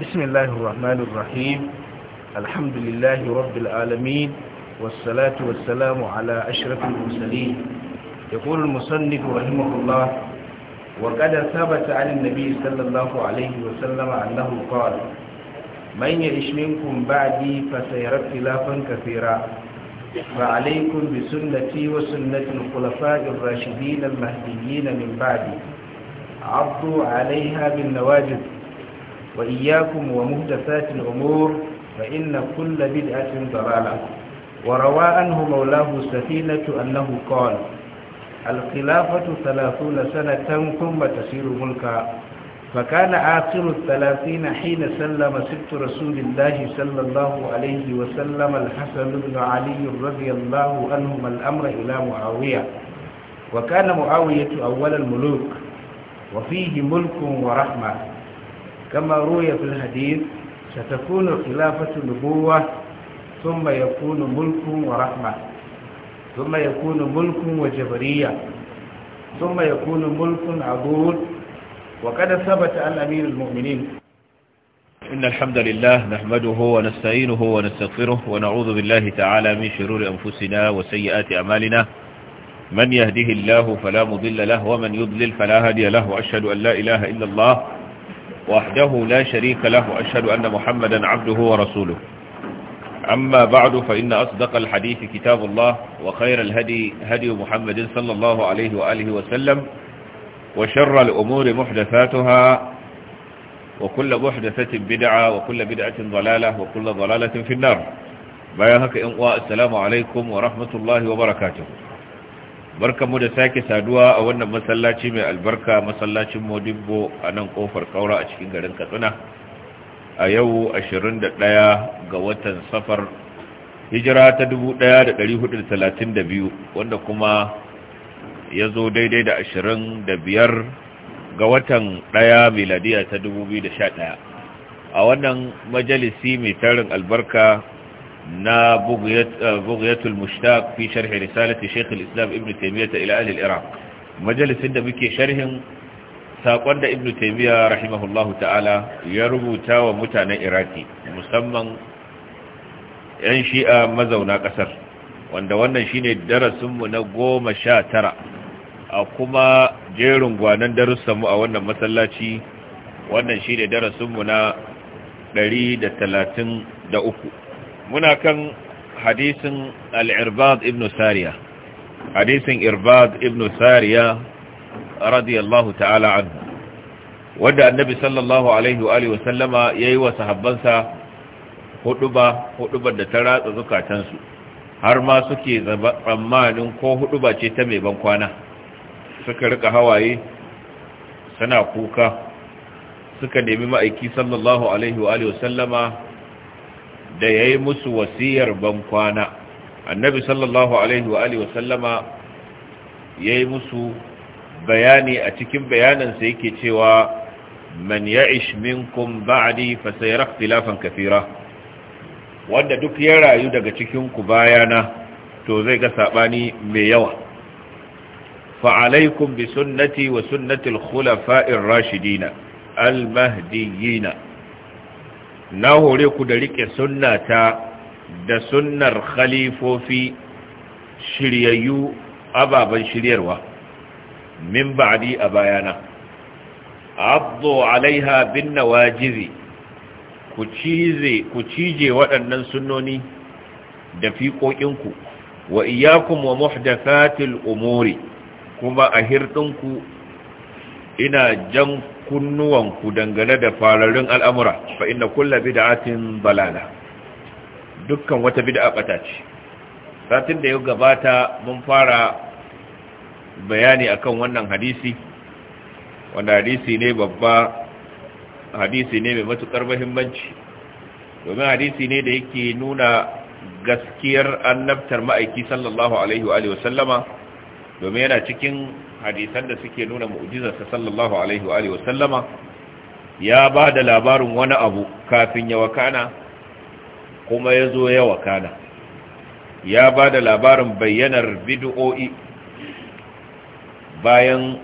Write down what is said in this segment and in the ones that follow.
بسم الله الرحمن الرحيم الحمد لله رب العالمين والصلاة والسلام على أشرف المرسلين يقول المصنف رحمه الله وقد ثبت عن النبي صلى الله عليه وسلم أنه قال من يعش منكم بعدي فسيرى اختلافا كثيرا فعليكم بسنتي وسنة الخلفاء الراشدين المهديين من بعدي عضوا عليها بالنواجذ وإياكم ومهدفات الأمور فإن كل بدعة ضلالة وروى عنه مولاه السفينة أنه قال الخلافة ثلاثون سنة ثم تسير ملكا فكان آخر الثلاثين حين سلم ست رسول الله صلى الله عليه وسلم الحسن بن علي رضي الله عنهما الأمر إلى معاوية وكان معاوية أول الملوك وفيه ملك ورحمة كما روي في الحديث ستكون الخلافة نبوة ثم يكون ملك ورحمة ثم يكون ملك وجبرية ثم يكون ملك عدول وقد ثبت عن أمير المؤمنين إن الحمد لله نحمده ونستعينه ونستغفره ونعوذ بالله تعالى من شرور أنفسنا وسيئات أمالنا من يهده الله فلا مضل له ومن يضلل فلا هادي له وأشهد أن لا إله إلا الله وحده لا شريك له أشهد أن محمدا عبده ورسوله أما بعد فإن أصدق الحديث كتاب الله وخير الهدي هدي محمد صلى الله عليه وآله وسلم وشر الأمور محدثاتها وكل محدثة بدعة وكل بدعة ضلالة وكل ضلالة في النار بياهك إنقواء السلام عليكم ورحمة الله وبركاته barkamu da sake saduwa a wannan masallaci mai albarka masallacin modibbo a nan kofar kaura a cikin garin katsina a yau 21 ga watan safar hijira ta 1432 wanda kuma ya zo daidai da 25 ga watan 1 miladiya ta 2011 a wannan majalisi mai tarin albarka na bugiyatul eh, mushtaq fi sharhi risalati shaykh al-islam ibn taymiyyah ila ahli al-iraq majalisin da muke sharhin sakon da ibn taymiyyah rahimahullahu ta'ala ya rubuta wa mutanen iraki musamman yan shi'a mazauna kasar wanda wannan shine darasinmu na goma sha tara a kuma jerin gwanan darussanmu a wannan masallaci wannan shine darasinmu na 133 muna kan hadisin al-irbad ibn sariya hadisin irbad ibn sariya radiyallahu ta'ala anhu wanda annabi sallallahu alaihi wa alihi wasallama yi wa sahabbansa huduba hudubar da ta ratsa zukatansu har ma suke tsammanin ko huduba ce ta mai bankwana. suka rika hawaye suna kuka suka nemi ma'aiki sallallahu alaihi wa alihi wasallama da ya yi musu wasiyar bankwana annabi sallallahu alaihi wa wasallama ya yi musu bayani a cikin bayanansa yake cewa man ya minkum ba'di fa sayara ikhtilafan kathira wanda duk ya rayu daga cikin ku bayana to zai ga sabani mai yawa fa alaikum bi sunnati wa sunnati al-khulafa'ir rashidina al-mahdiyina na hore ku da rike sunnata da sunnar khalifofi shiryayyu ababan shiryarwa min ba'di a bayana abdu alaiha bin nawajizi ku cije waɗannan sunnoni da fiƙoƙinku wa iyakun wa muhdathatil umuri kuma a hirɗinku ina jan kunnuwanku dangane da fararin al'amura fa inna kulla bid'atin balala dukkan wata bid'a bata ce satin da ya gabata mun fara bayani akan wannan hadisi wanda hadisi ne babba hadisi ne mai matukar mahimmanci, domin hadisi ne da yake nuna gaskiyar annabtar ma'aiki sallallahu alaihi wa sallama domin yana cikin hadisan da suke nuna mu'jizarsa sallallahu alaihi wa alihi wasallama ya ba da labarin wani abu kafin ya wakana kuma ya zo ya wakana ya ba da labarin bayyanar bid'o'i bayan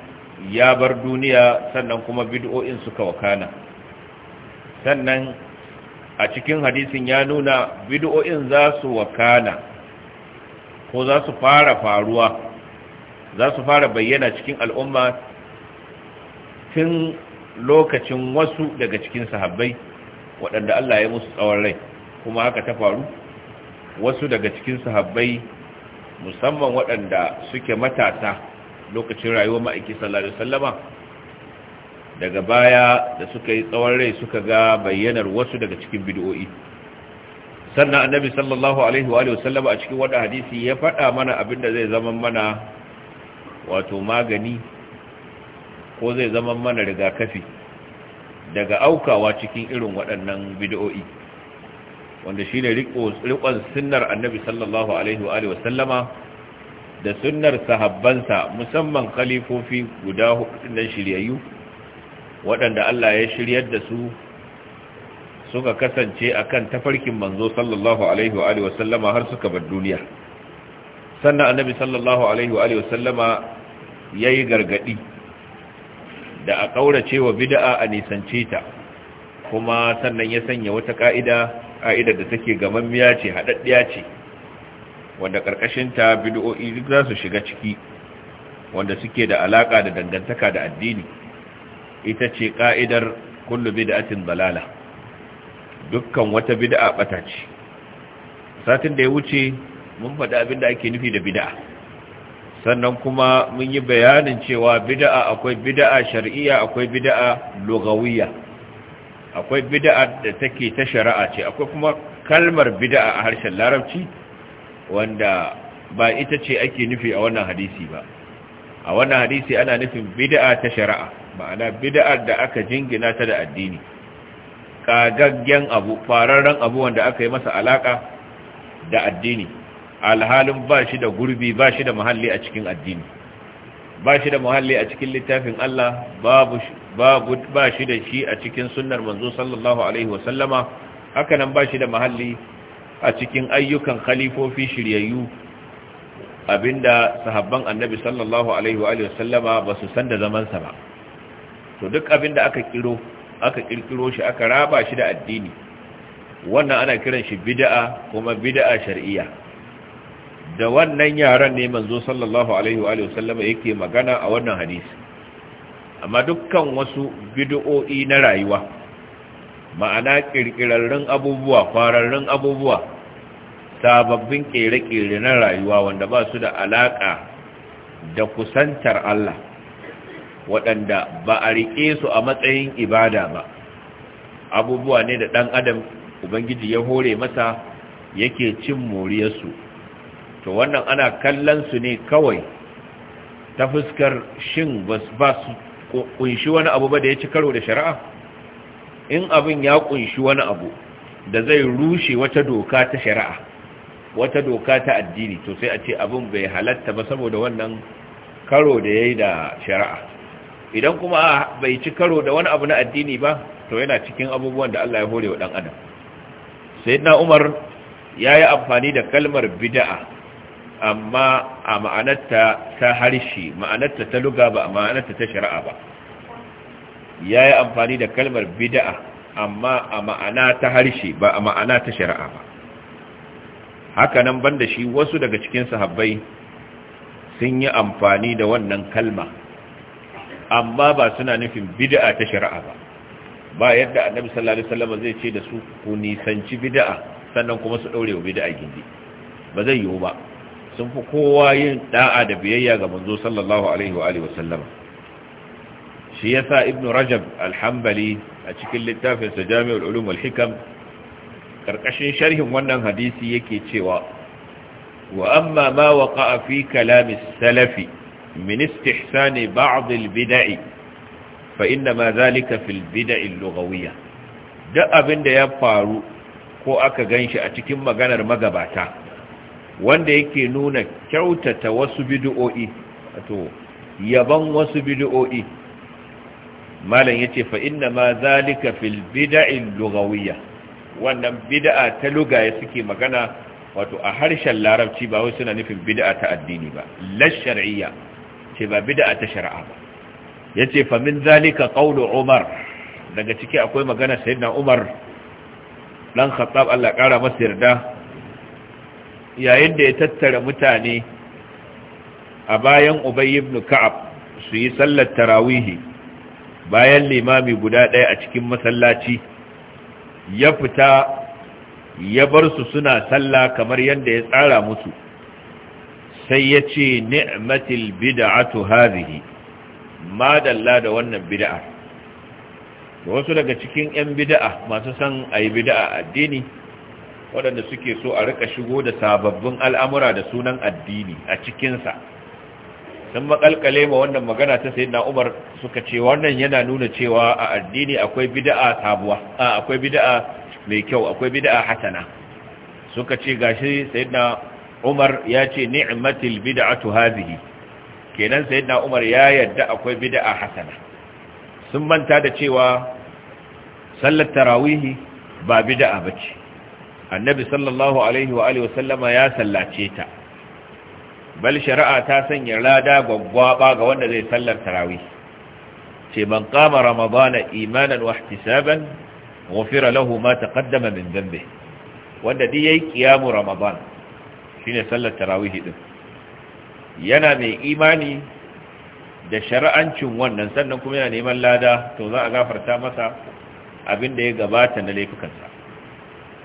ya bar duniya sannan kuma bid'o'in suka wakana sannan a cikin hadisin ya nuna bid'o'in za su wakana ko za su fara faruwa za su fara bayyana cikin al'umma tun lokacin wasu daga cikin sahabbai waɗanda Allah ya musu tsawon rai kuma haka ta faru wasu daga cikin sahabbai musamman waɗanda suke matasa lokacin rayuwar ma'aiki sallallahu sallama daga baya da suka yi tsawon rai suka ga bayyanar wasu daga cikin bid'o'i sannan annabi sallallahu alaihi wa sallama a cikin wani hadisi ya faɗa mana abin da zai zama mana wato magani ko zai zama mana rigakafi daga aukawa cikin irin waɗannan bid'o'i wanda shi ne riƙon sunnar annabi sallallahu alaihi wa sallama da sunnar sahabbansa musamman kalifofi guda hudu na shiryayyu waɗanda Allah ya shiryar da su suka kasance akan tafarkin manzo sallallahu alaihi wa sallama har suka bar duniya sannan annabi sallallahu alaihi wa alihi wasallama yayi gargadi da a kaurace wa bid'a a nisance ta kuma sannan ya sanya wata ka'ida ka'ida da take gamammiya ce hadaddiya ce wanda karkashin ta bid'o'i duk za su shiga ciki wanda suke da alaka da dangantaka da addini ita ce ka'idar kullu bid'atin dalala dukkan wata bid'a bata ce satin da ya wuce mun faɗi abin da ake nufi da bid'a sannan kuma mun yi bayanin cewa bid'a akwai bid'a shar'iyya akwai bid'a lugawiyya akwai bid'a da take ta shari'a ce akwai kuma kalmar bid'a a harshen larabci wanda ba ita ce ake nufi a wannan hadisi ba a wannan hadisi ana nufin bid'a ta shari'a ma'ana bid'a da aka jingina ta da addini kagaggen abu fararren abu wanda aka yi masa alaka da addini alhalin ba shi da gurbi ba shi da muhalli a cikin addini ba shi da muhalli a cikin littafin Allah babu ba shi da shi a cikin sunnar manzo sallallahu alaihi wasallama hakanan ba shi da muhalli a cikin ayyukan khalifofi shiryayyu abinda sahabban annabi sallallahu alaihi wa sallama ba su san da zamansa ba to duk abinda aka kiro aka kirkiro shi aka raba shi da addini wannan ana kiran shi bid'a kuma bid'a shar'iyya da wannan yaran ne manzo sallallahu alaihi wa sallama yake magana a wannan hadisi amma dukkan wasu bid'o'i na rayuwa ma'ana kirkirarrun abubuwa kwararrun abubuwa sababbin kere-kere na rayuwa wanda ba su da alaka da kusantar Allah waɗanda ba a riƙe su a matsayin ibada ba abubuwa ne da ɗan adam ubangiji ya hore masa yake cin moriyarsu to wannan ana kallon su ne kawai ta fuskar shin ba su kunshi wani abu ba da ya ci karo da shari'a in abin ya kunshi wani abu da zai rushe wata doka ta shari'a wata doka ta addini to sai a ce abin bai halatta ba saboda wannan karo da ya yi da shari'a idan kuma bai ci karo da wani abu na addini ba to yana cikin abubuwan da Allah ya hore wa ɗan adam sai na umar ya yi amfani da kalmar bida'a amma a ma'anarta ta harshe ma'anarta ta luga ba a ma'anarta ta shari'a ba ya yi amfani da kalmar bida'a amma a ma'ana ta harshe ba a ma'ana ta shari'a ba haka nan banda shi wasu daga cikin sahabbai sun yi amfani da wannan kalma amma ba suna nufin bida'a ta shari'a ba ba yadda annabi sallallahu alaihi wasallam zai ce da su ku nisanci bida'a sannan kuma su daure wa bida'a gindi ba zai yiwu ba sun fi kowa yin da'a da biyayya ga manzo sallallahu alaihi wa alihi Shi shi yasa ibn rajab alhambali a cikin littafin sa jami'ul ulum hikam karkashin sharhin wannan hadisi yake cewa wa amma ma waqa'a fi kalam salafi min istihsani ba'd al-bida'i fa inna zalika fil bida'i al-lughawiyya Da abinda ya faru ko aka ganshi a cikin maganar magabata wanda yake nuna kyautata wasu bid'o'i yaban wasu bid'o'i malam yace fa inna ma zalika fil bid'i lughawiyya wannan bid'a ta lugaye suke magana wato a harshen larabci ba wai suna nufin bid'a ta addini ba la shar'iyya ce ba bid'a ta shar'a ba yace fa min zalika qawlu umar daga ciki akwai magana sayyidina umar dan khattab Allah kara masa yarda yayin da ya tattara mutane a bayan Ubay ibn Ka'ab su yi sallar tarawihi bayan limami guda ɗaya a cikin masallaci ya fita ya bar su suna sallah kamar yadda ya tsara musu sai ya ce ni'matil bid'atu hadhihi ma dalla da wannan bid'a wasu daga cikin 'yan bid'a masu san ayi bid'a addini waɗanda suke so a rika shigo da sababbin al'amura da sunan addini a cikinsa sun makalkale ma wannan magana ta sayi umar suka ce wannan yana nuna cewa a addini akwai bida'a sabuwa A akwai bida'a mai kyau akwai bida'a hasana suka ce gashi sayyidina umar ya ce ni'matil bid'atu hadhihi kenan sayyidina umar ya yadda akwai bida'a hasana sun manta da cewa sallar tarawihi ba bida'a bace annabi sallallahu alaihi wa alihi wasallama ya sallace ta bal shari'a ta sanya lada gwaggwaba ga wanda zai sallar tarawih ce man qama ramadana imanan wa ihtisaban ghufira lahu ma taqaddama min dhanbi wanda dai yayi qiyamu ramadan shine sallar tarawih din yana mai imani da shari'ancin wannan sannan kuma yana neman lada to za a gafarta masa abin da ya gabata na laifukansa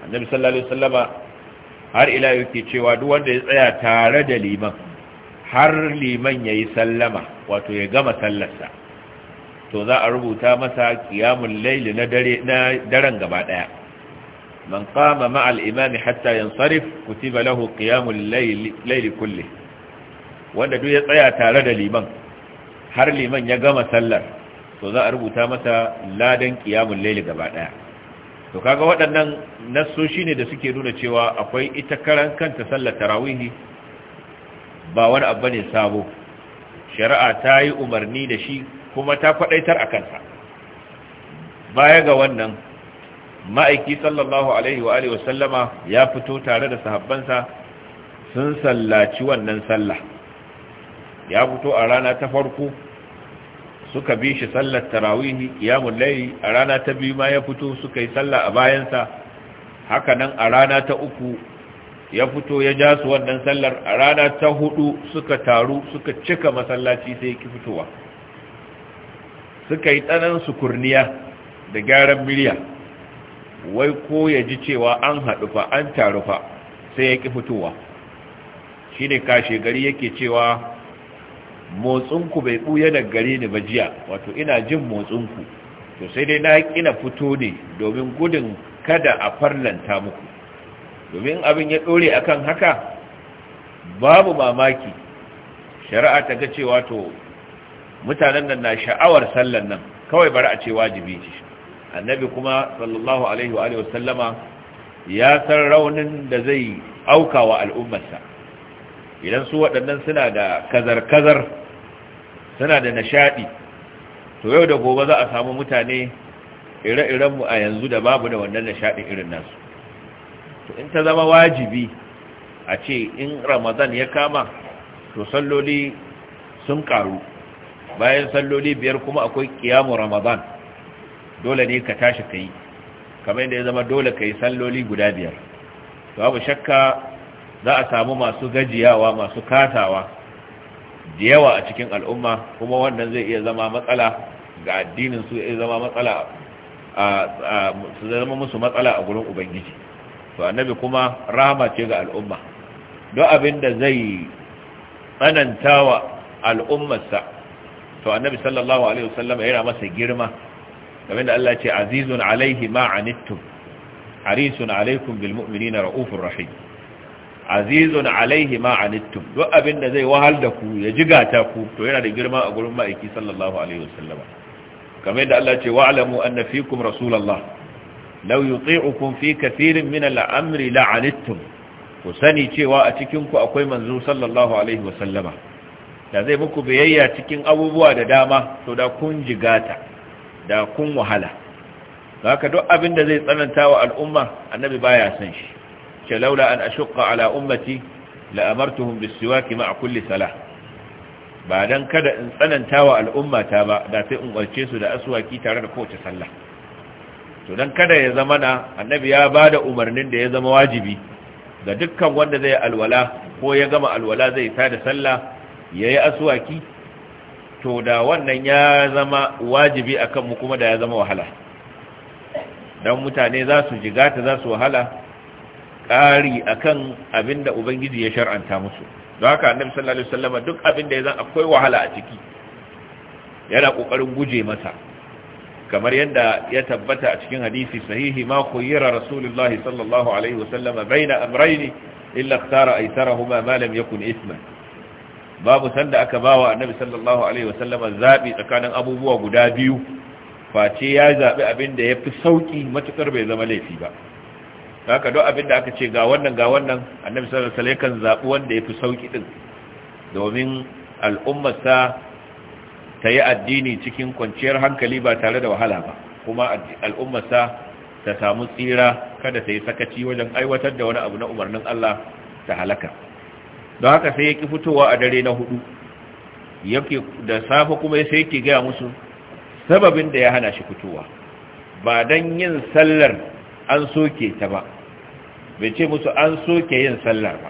annabi sallallahu alaihi wasallama har ila yake cewa duk wanda ya tsaya tare da liman har liman yayi sallama wato ya gama sallarsa to za a rubuta masa qiyamul layl na dare na daren gaba daya man qama ma'al imami hatta yansarif kutiba lahu qiyamul layl layl kulli wanda duk ya tsaya tare da liman har liman ya gama sallar to za a rubuta masa ladan qiyamul layl gaba daya to kaga waɗannan shi ne da suke nuna cewa akwai ita karan kanta sallar tarawihi ba wani abu ne sabo shari'a ta yi umarni da shi kuma ta faɗaitar a kansa baya ga wannan ma'aiki sallallahu alaihi wa alihi wasallama ya fito tare da sahabbansa sun sallaci wannan sallah ya fito a rana ta farko suka bi shi sallar tarawihi qiyamul layli a rana ta biyu ma ya fito suka yi sallah a bayansa haka nan a rana ta uku ya fito ya ja su wannan sallar a rana ta hudu suka taru suka cika masallaci sai ki fitowa suka yi tsanan sukurniya da gyaran miliya wai ko ya ji cewa an haɗu fa an taru fa sai ya ki fitowa shi ne kashe gari yake cewa motsinku bai ɓuya da gare ni ba jiya wato ina jin motsinku to sai dai na ƙina fito ne domin gudun kada a farlanta muku domin abin ya ɗore akan haka babu mamaki shari'a ta ga cewa to mutanen nan na sha'awar sallan nan kawai bari a ce wajibi ce annabi kuma sallallahu alaihi wa sallama ya san raunin da zai auka wa al'ummarsa idan su waɗannan suna da kazar-kazar tana da nishadi to yau da gobe za a samu mutane ire-irenmu a yanzu da babu da wannan nishadin irin nasu to in ta zama wajibi a ce in ramadan ya kama to salloli sun karu bayan salloli biyar kuma akwai ƙiyamu ramadan dole ne ka tashi ka yi kamar yadda ya zama dole ka yi salloli guda biyar babu shakka za a samu masu gajiyawa masu katawa da yawa a cikin al'umma kuma wannan zai iya zama matsala ga addinin su zai zama matsala a su zama musu matsala a gurin ubangiji to annabi kuma rahama ce ga al'umma don abin da zai tsanantawa al'ummarsa to annabi sallallahu alaihi wasallam yana masa girma kamar da Allah ce azizun alaihi ma anittum harisun alaikum bilmuminina mu'minina raufur rahim azizun alaihi ma anittum duk abin da zai wahal da ku ya jigata ku to yana da girma a gurin ma'aiki sallallahu alaihi kamar yadda Allah ce alamu anna fikum rasulullah law yuti'ukum fi kathirin min al-amri la'anittum ku sani cewa a cikin ku akwai manzo sallallahu alaihi da zai muku biyayya cikin abubuwa da dama to da kun jigata da kun wahala haka duk abin da zai tsananta wa al'umma annabi baya san shi ce laula an ashqa ala ummati la amartuhum bis ba dan kada in tsanantawa al'ummata ba da sai in kwace su da aswaki tare da kowace sallah to dan kada ya zama na annabi ya ba da umarnin da ya zama wajibi ga dukkan wanda zai alwala ko ya gama alwala zai sada sallah yayi aswaki to da wannan ya zama wajibi akan mu kuma da ya zama wahala dan mutane za su jigata za su wahala ƙari akan abinda ubangiji ya shar'anta musu don haka annabi sallallahu alaihi wasallam duk abinda ya zan akwai wahala a ciki yana ƙoƙarin guje masa kamar yadda ya tabbata a cikin hadisi sahihi ma khayyara rasulullahi sallallahu alaihi wasallam baina amrayni illa ikhtara aitharahuma ma ya kuni isma babu sanda aka bawa annabi sallallahu alaihi wasallam zaɓi tsakanin abubuwa guda biyu face ya da abinda fi sauƙi matukar bai zama laifi ba haka don abin da aka ce ga wannan ga wannan annabi sallallahu alaihi wasallam zabi wanda yafi sauki din domin al'ummarsa ta yi addini cikin kwanciyar hankali ba tare da wahala ba kuma al'ummarsa ta samu tsira kada ta yi sakaci wajen aiwatar da wani abu na umarnin Allah ta halaka don haka sai ya ki fitowa a dare na hudu yake da safe kuma sai yake gaya musu sababin da ya hana shi fitowa ba dan yin sallar an soke ta ba bai ce musu an soke yin sallar ba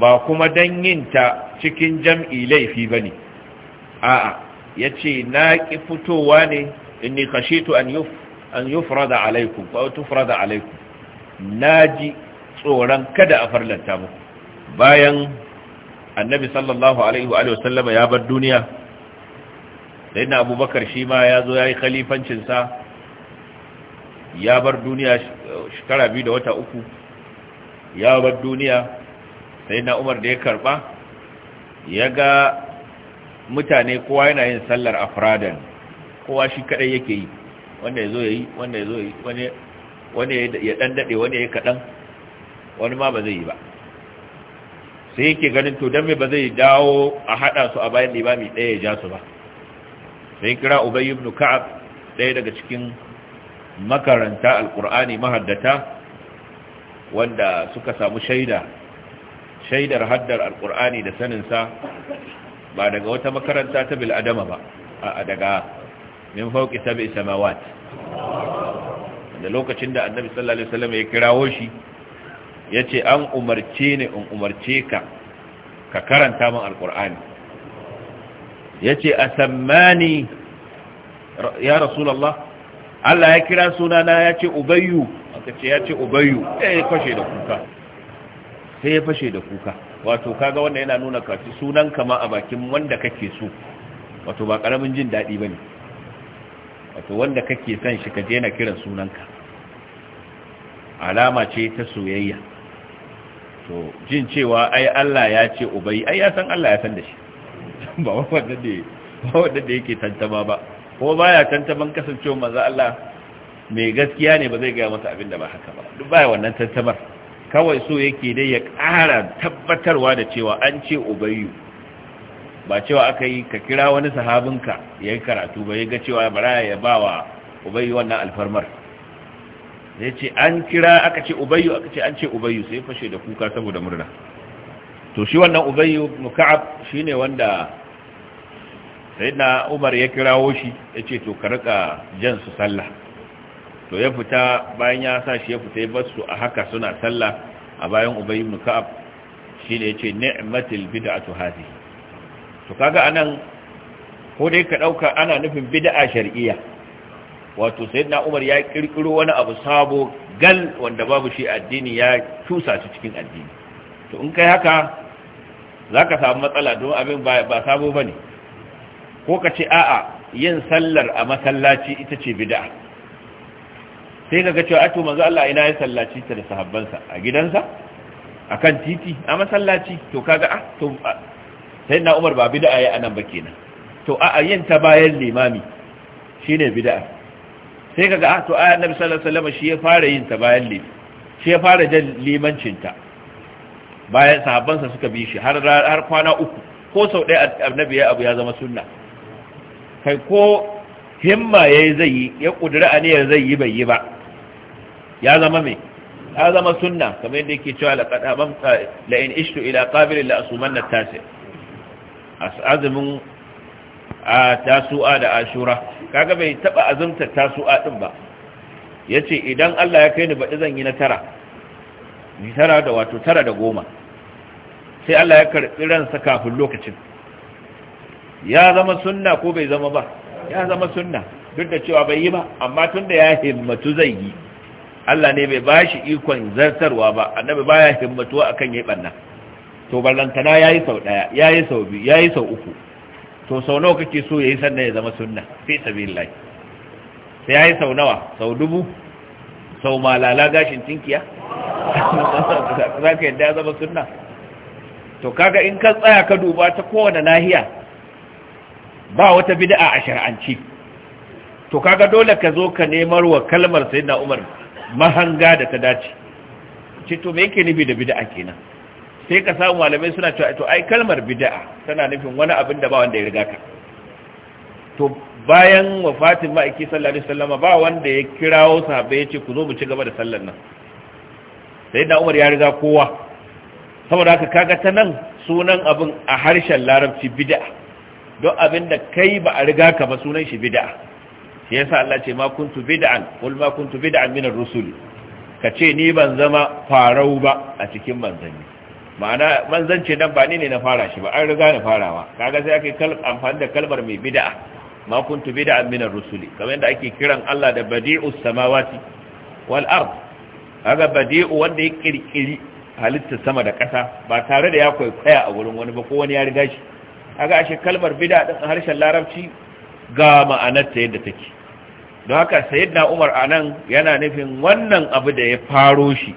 ba kuma don yin ta cikin jam'i laifi ba ne a'a ya ce na ƙi fitowa ne inni kashitu an yi furada alaiku ba wata furada alaiku na ji tsoron kada a farlanta muku bayan annabi sallallahu alaihi wa sallama ya bar duniya sai na abubakar shi ma ya zo ya yi khalifancinsa ya bar duniya shekara biyu da wata uku ya bar duniya sai na umar da ya karba ya ga mutane kowa yana yin sallar afradan kowa shi kadai yake yi wanda ya zo ya yi wanda ya zo ya yi wani ya dan dade wani ya kadan wani ma ba zai yi ba sai yake ganin to dan me ba zai dawo a hada su a bayan limami daya ya ja su ba sai kira ubay ibn ka'ab daya daga cikin makaranta alkur'ani mahaddata wanda suka samu shaida shaidar haddar alkur'ani da saninsa ba daga wata makaranta ta bil'adama ba a daga min fauki sabi samawat da lokacin da annabi sallallahu alaihi wasallam ya kirawo shi yace an umarce ne in umarce ka ka karanta min alkur'ani yace asammani ya Rasulallah. Allah ya kira sunana ya ce ubayu aka ce ya ce ubayu sai ya fashe da kuka sai ya fashe da kuka wato kaga wannan yana nuna kaci sunan kama a bakin wanda kake so wato ba karamin jin daɗi ba ne wato wanda kake son shi ka jena kiran sunanka alama ce ta soyayya to jin cewa ai Allah ya ce ubayi ai ya san Allah ya san da shi ba wanda da yake tantama ba ko baya tantaman kasancewa manzo Allah mai gaskiya ne ba zai gaya masa abin da ba haka ba duk baya wannan tantamar kawai so yake dai ya ƙara tabbatarwa da cewa an ce ubayyu ba cewa aka yi ka kira wani sahabinka ya yi karatu ba ya ga cewa bara ya ba wa ubayyu wannan alfarmar ya ce an kira aka ce ubayyu aka ce an ce ubayyu sai fashe da kuka saboda murna to shi wannan ubayyu muka'ab shine wanda sai na umar ya kirawo shi ya ce to ka rika jan su sallah to ya fita bayan ya sa shi ya fita ya basu a haka suna sallah a bayan ubay ibn ka'ab shine yace ni'matul bid'atu hadhihi to kaga anan ko dai ka dauka ana nufin bid'a shar'iyya wato sayyidina Umar ya kirkiro wani abu sabo gal wanda babu shi addini ya tusa shi cikin addini to in kai haka zaka samu matsala don abin ba sabo bane ko ka ce a'a yin sallar a masallaci ita ce bid'a sai ka ga a ato manzo Allah ina ya sallaci ta da sahabbansa a gidansa akan titi a masallaci to kaga ah, a, to sai na Umar ba bid'a ya anan ba kenan to a'a yin ta bayan limami shine bid'a sai kaga a ah, to a annabi sallallahu alaihi wasallam shi ya fara yin ta bayan limami shi ya fara jan limancin ta bayan sahabbansa suka bi shi har har kwana uku ko sau ɗaya annabi ya abu ya zama sunna kai ko himma ya yi zai yi ya ƙudura aniyar zai yi bai yi ba ya zama mai ya zama sunna kamar yadda yake cewa laƙaɗaɓan la'in ishtu ila ƙabilin la'asuman A su azumin a tasu'a da ashura kaga bai taɓa azumta tasu'a ɗin ba ya ce idan allah ya kai ni baɗi zan yi na tara ni tara da wato tara da goma sai allah ya karɓi ransa kafin lokacin ya zama sunna ko bai zama ba ya zama sunna duk da cewa bai yi ba amma tun da ya himmatu zai yi Allah ne bai bashi ikon zartarwa ba annabi baya himmatuwa akan yayi banna to ballantana yayi sau daya yayi sau biyu yayi sau uku to sau nawa kake so yayi sannan ya zama sunna fi sabilillah sai yayi sau nawa sau dubu sau malala gashin tinkiya za ka yadda ya zama sunna to kaga in ka tsaya ka duba ta kowane nahiya ba wata bid'a a shar'anci to kaga dole ka zo ka nemar wa kalmar sayyidina Umar mahanga da ta dace ce to me yake nufi da bid'a kenan sai ka samu malamai suna cewa to ai kalmar bid'a tana nufin wani abin da ba wanda ya riga ka to bayan wafatin ma'aiki sallallahu alaihi wasallam ba wanda ya kirawo sahabbai yace ku zo mu ci gaba da sallar nan sayyidina Umar ya riga kowa saboda haka kaga ta nan sunan abin a harshen larabci bid'a don abin da kai ba a riga ka ba sunan shi bid'a shi yasa Allah ce ma kuntu bid'an qul ma kuntu bid'an min ar-rusul kace ni ban zama farau ba a cikin manzanni ma'ana manzance nan ba ni ne na fara shi ba an riga na farawa kaga sai ake kal amfani da kalmar mai bida'a ma kuntu bid'an min ar-rusul kamar yadda ake kiran Allah da Badi'u samawati wal ard kaga badi'u wanda ya kirkiri halitta sama da ƙasa ba tare da ya kwaikwaya a wurin wani ba ko wani ya riga shi Aga ashe kalmar bid'a din harshen larabci ga ma'anarta yadda take don haka sayyidna Umar anan yana nufin wannan abu da ya faro shi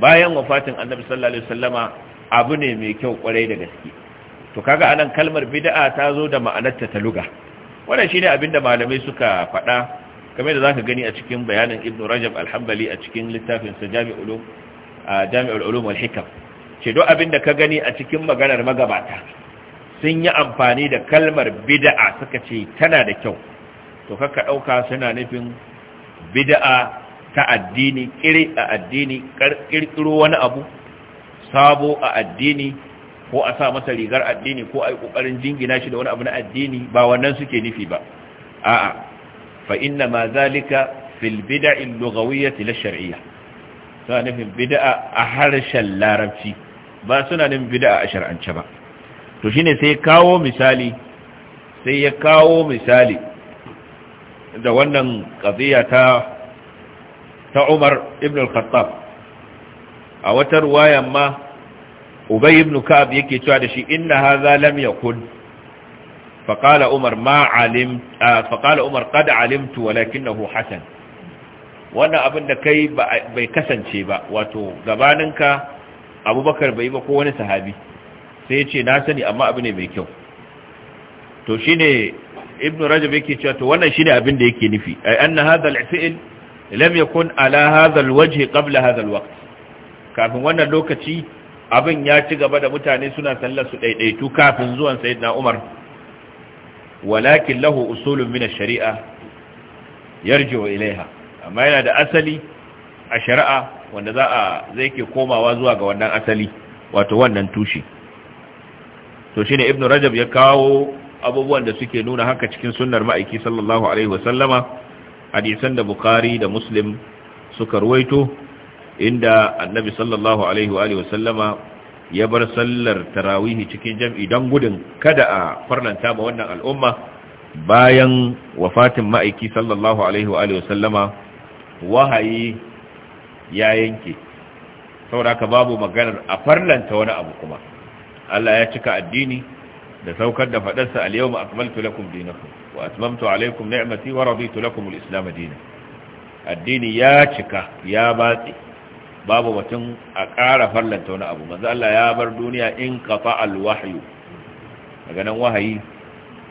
bayan wafatin Annabi sallallahu alaihi wasallama abu ne mai kyau kwarai da gaske to kaga anan kalmar bid'a ta zo da ma'anarta ta luga wannan shine abinda malamai suka faɗa kamar da zaka gani a cikin bayanin Ibn Rajab al-Hanbali a cikin littafin sa Jami'ul Ulum Jami'ul Ulum wal Hikam ce duk abinda ka gani a cikin maganar magabata sun yi amfani da kalmar bida'a suka ce tana da kyau to kakka ɗauka suna nufin bid'a ta addini kiri a addini wani abu sabo a addini ko a sa masa rigar addini ko a yi kokarin jingina shi da wani abu na addini ba wannan suke nufi ba a'a fa inna ma zalika fil bid'i lughawiyyati la shar'iyya suna nufin bid'a a harshen larabci ba suna nufin bid'a a shar'ance ba to shine sai kawo misali sai ya kawo misali da wannan qadiya ta ta Umar ibn al-Khattab a wata ruwaya ma Ubay ibn Ka'ab yake cewa da shi inna hadha lam yakun فقال عمر ما علم فقال عمر قد علمت ولكنه حسن wannan abin da kai bai kasance ba wato gabaninka abubakar bai ba ko wani sahabi sai ce na sani amma abu ne mai kyau to ne Ibn rajab yake cewa to wannan shine abin da yake nufi Ai anna hadha al-fi'l lam yakun ala hadha al-wajh qabla hadha al-waqt kafin wannan lokaci abin ya ci gaba da mutane suna sallar su daidaitu kafin zuwan sayyidina umar walakin lahu usulun min ash-shari'a yarji'u ilaiha amma yana da asali a shari'a wanda za a zai ke komawa zuwa ga wannan asali wato wannan tushe to shine ibnu rajab ya kawo abubuwan da suke nuna haka cikin sunnar ma'aiki sallallahu alaihi wasallama hadisan da bukhari da muslim suka ruwaito inda annabi sallallahu alaihi wa alihi wasallama ya bar sallar tarawihi cikin jam'i don gudun kada a farlanta ma wannan al'umma bayan wafatin ma'aiki sallallahu alaihi wa alihi wasallama wahayi ya yanke saboda haka babu maganar a farlanta wani abu kuma Allah ya cika addini da saukar da fadarsa al-yawma akmaltu lakum dinakum wa atmamtu alaykum ni'mati wa raditu lakum al-islam addini ya cika ya batsi babu batun a ƙara fallanta wani abu manzo Allah ya bar duniya in qata al daga nan wahayi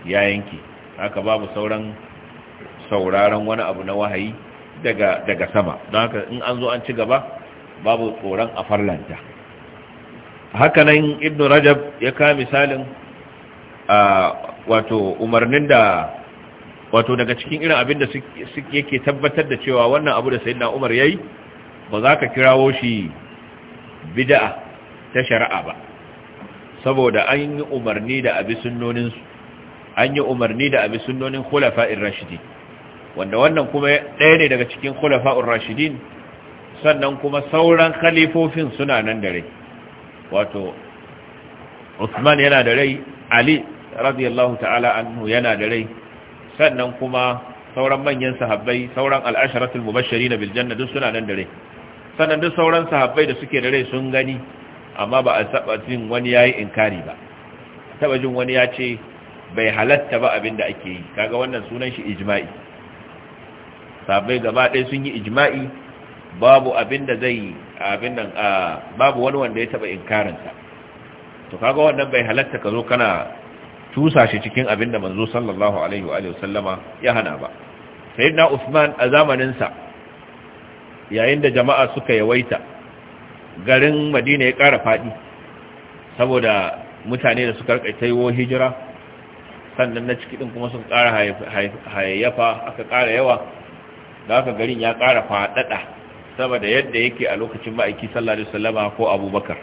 ya yanki haka babu sauran sauraron wani abu na wahayi daga daga sama don haka in an zo an ci gaba babu tsoron a farlanta hakanan ibn rajab ya ka misalin wato umarnin da wato daga cikin irin abin da yake tabbatar da cewa wannan abu da sayyidina umar yayi ba za ka kirawo shi bid'a ta shari'a ba saboda an yi umarni da abi sunnonin an yi umarni da abi sunnonin khulafa'ir rashidin wanda wannan kuma ɗaya ne daga cikin khulafa'ur rashidin sannan kuma sauran khalifofin suna nan da rai wato Usman yana da rai Ali radiyallahu ta'ala anhu yana da rai sannan kuma sauran manyan sahabbai sauran al'asharatul mubashirin bil janna duk suna nan da rai sannan duk sauran sahabbai da suke da rai sun gani amma ba a taba jin wani yayi inkari ba taba jin wani ya ce bai halatta ba abin da ake yi kaga wannan sunan shi ijma'i sahabbai gaba ɗaya sun yi ijma'i babu abin da zai abin nan babu wani wanda ya taba inkarinsa to kaga wannan bai halatta ka zo kana tusa shi cikin abin da manzo sallallahu alaihi wa sallama ya hana ba sayyidina Usman a zamanin sa yayin da jama'a suka yawaita garin Madina ya ƙara fadi saboda mutane da suka rika taiwo hijira sannan na ciki din kuma sun ƙara hayayyafa aka kara yawa da haka garin ya ƙara faɗaɗa sama yadda yake a lokacin ma'aiki sallallahu da sallama ko abubakar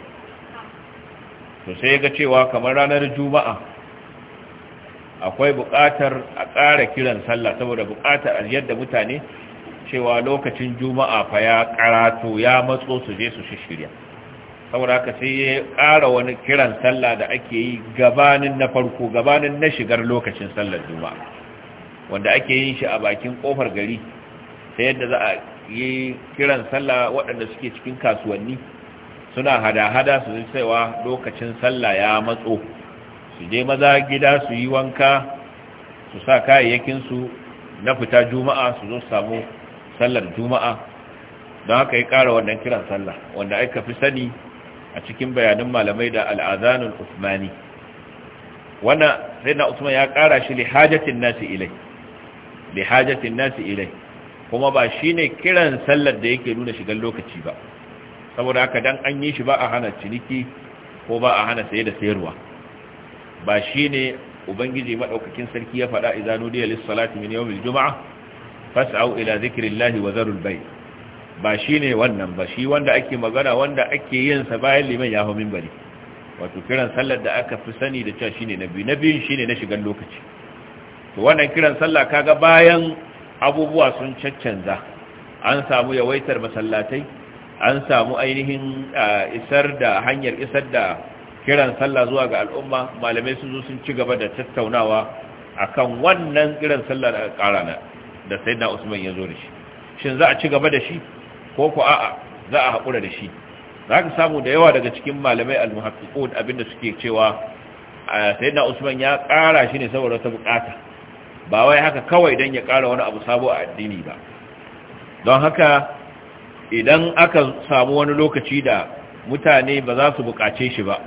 to sai ga cewa kamar ranar juma'a akwai buƙatar a ƙara kiran sallah saboda buƙatar a yadda mutane cewa lokacin juma'a fa ya karatu ya matso su je su shirya saboda haka sai ya ƙara wani kiran sallah da ake yi gabanin na farko gabanin na shigar lokacin sallar juma'a wanda ake yin shi a bakin kofar gari ta yadda za a yi kiran sallah waɗanda suke cikin kasuwanni suna hada-hada su saiwa lokacin sallah ya matso su je maza gida su yi wanka su sa kayayyakinsu na fita juma'a su zo samu sallar juma'a don haka ya ƙara wannan kiran sallah wanda aka fi sani a cikin bayanin malamai da al'azanin usmani wannan sai na usman ya ƙara shi lihajatin nasi lihajatin nasi ilai kuma ba shi ne kiran sallar da yake nuna shigar lokaci ba saboda haka dan an yi shi ba a hana ciniki ko ba a hana saye da sayarwa ba shi ne ubangiji maɗaukakin sarki ya faɗa izanu diya lissalati min yawmil juma'a fas'au ila zikrillahi wa zarul bay ba shi ne wannan ba shi wanda ake magana wanda ake yin sa bayan liman ya min bari wato kiran sallar da aka fi sani da cewa shine na biyu na shine na shigar lokaci to wannan kiran sallah kaga bayan abubuwa sun caccanza an samu yawaitar masallatai an samu ainihin isar da hanyar isar da kiran sallah zuwa ga al'umma malamai sun zo sun ci gaba da tattaunawa akan wannan kiran sallah da karana da sayyidina Usman ya zo da shi shin za a ci gaba da shi ko ko a'a za a haƙura da shi za ka samu da yawa daga cikin malamai al-muhaqqiqun abinda suke cewa sayyidina Usman ya ƙara shi ne saboda ta bukata ba wai haka kawai don ya kara wani abu sabo a addini ba don haka idan aka samu wani lokaci da mutane ba za su buƙace shi ba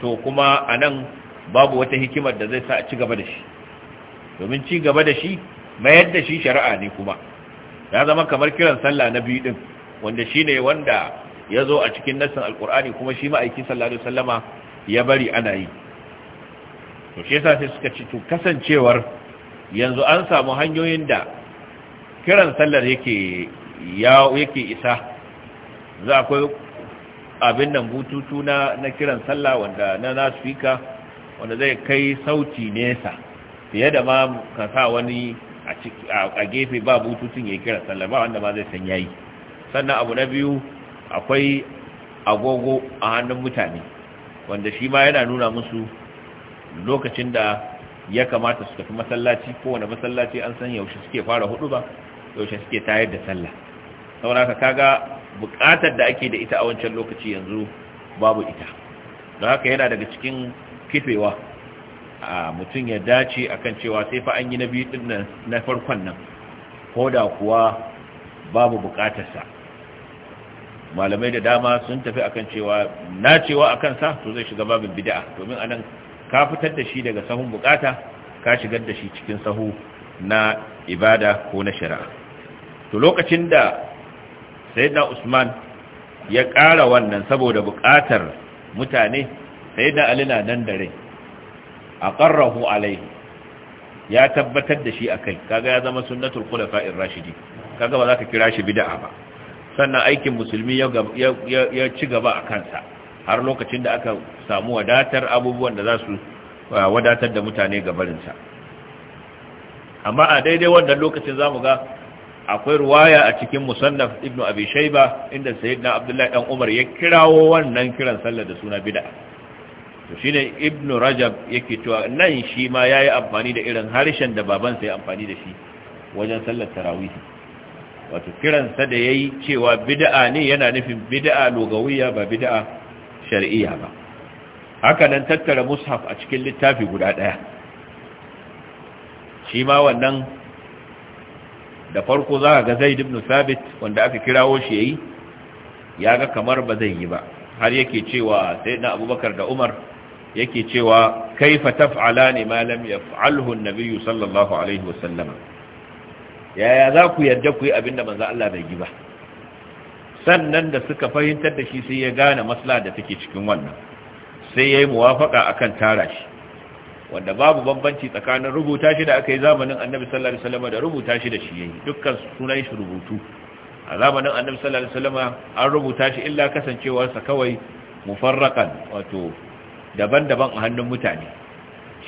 to kuma a nan babu wata hikimar da zai sa a ci gaba da shi domin ci gaba da shi mayar da shi shari'a ne kuma ya zama kamar kiran sallah na biyu din wanda shi ne wanda ya zo a cikin nassin alkur'ani kuma shi ma'aiki sallallahu Sallama ya bari ana yi to shi yasa sai suka ci to kasancewar yanzu an samu hanyoyin da kiran sallar yake yake isa za akwai abin nan bututu na na kiran sallah wanda na na speaker wanda zai kai sauti nesa fiye da ma ka sa wani a gefe ba bututun ya kiran sallah ba wanda ma zai san yayi sannan abu na biyu akwai agogo a hannun mutane wanda shi ma yana nuna musu lokacin da ya kamata su tafi masallaci ko wani masallaci an san yaushe suke fara hudu ba yaushe suke tayar da sallah saboda kaga bukatar da ake da ita a wancan lokaci yanzu babu ita don haka yana daga cikin kifewa a mutum ya dace akan cewa sai fa an yi na biyu din na farkon nan ko da kuwa babu bukatarsa malamai da dama sun tafi akan cewa na cewa akan sa to zai shiga babin bid'a domin anan ka fitar da shi daga sahun bukata ka shigar da shi cikin sahu na ibada ko na shari'a to lokacin da sayyidina usman ya ƙara wannan saboda bukatar mutane sayyidina ali na nan da rai aqarrahu alaihi ya tabbatar da shi akai kaga ya zama sunnatul khulafa'ir rashidi kaga ba za ka kira shi bid'a ba sannan aikin musulmi ya ci gaba a kansa har lokacin da aka samu wadatar abubuwan da za su uh, wadatar da mutane gabarinsa amma a daidai wannan lokacin za mu ga akwai ruwaya a cikin musannaf ibnu abi shaiba inda sayyidina abdullahi dan umar ya kirawo wannan kiran sallar da suna bid'a to shine ibnu rajab yake cewa nan shi ma yayi amfani da irin harshen da babansa ya amfani da shi wajen sallar tarawih wato kiransa da yayi cewa bid'a ne yana nufin bid'a logawiya ba bid'a shar'iyya ba haka nan tattara mushaf a cikin littafi guda ɗaya shi ma wannan da farko za ga zaid ibn sabit wanda aka kirawo shi yayi ya ga kamar ba zai yi ba har yake cewa sai na abubakar da umar yake cewa kaifa taf'ala ne malam lam yaf'alhu na nabiyyu sallallahu alaihi wasallam yaya za ku yarda ku yi abinda manzo Allah bai yi ba sannan da suka fahimtar da shi sai ya gane masla da take cikin wannan sai ya yi muwafaka a kan tara shi wanda babu bambanci tsakanin rubuta shi da aka yi zamanin annabi sallallahu alaihi wasallam da rubuta shi da shi yayi dukkan sunan shi rubutu a zamanin annabi sallallahu alaihi wasallam an rubuta shi illa kasancewarsa kawai mufarraqan wato daban-daban a hannun mutane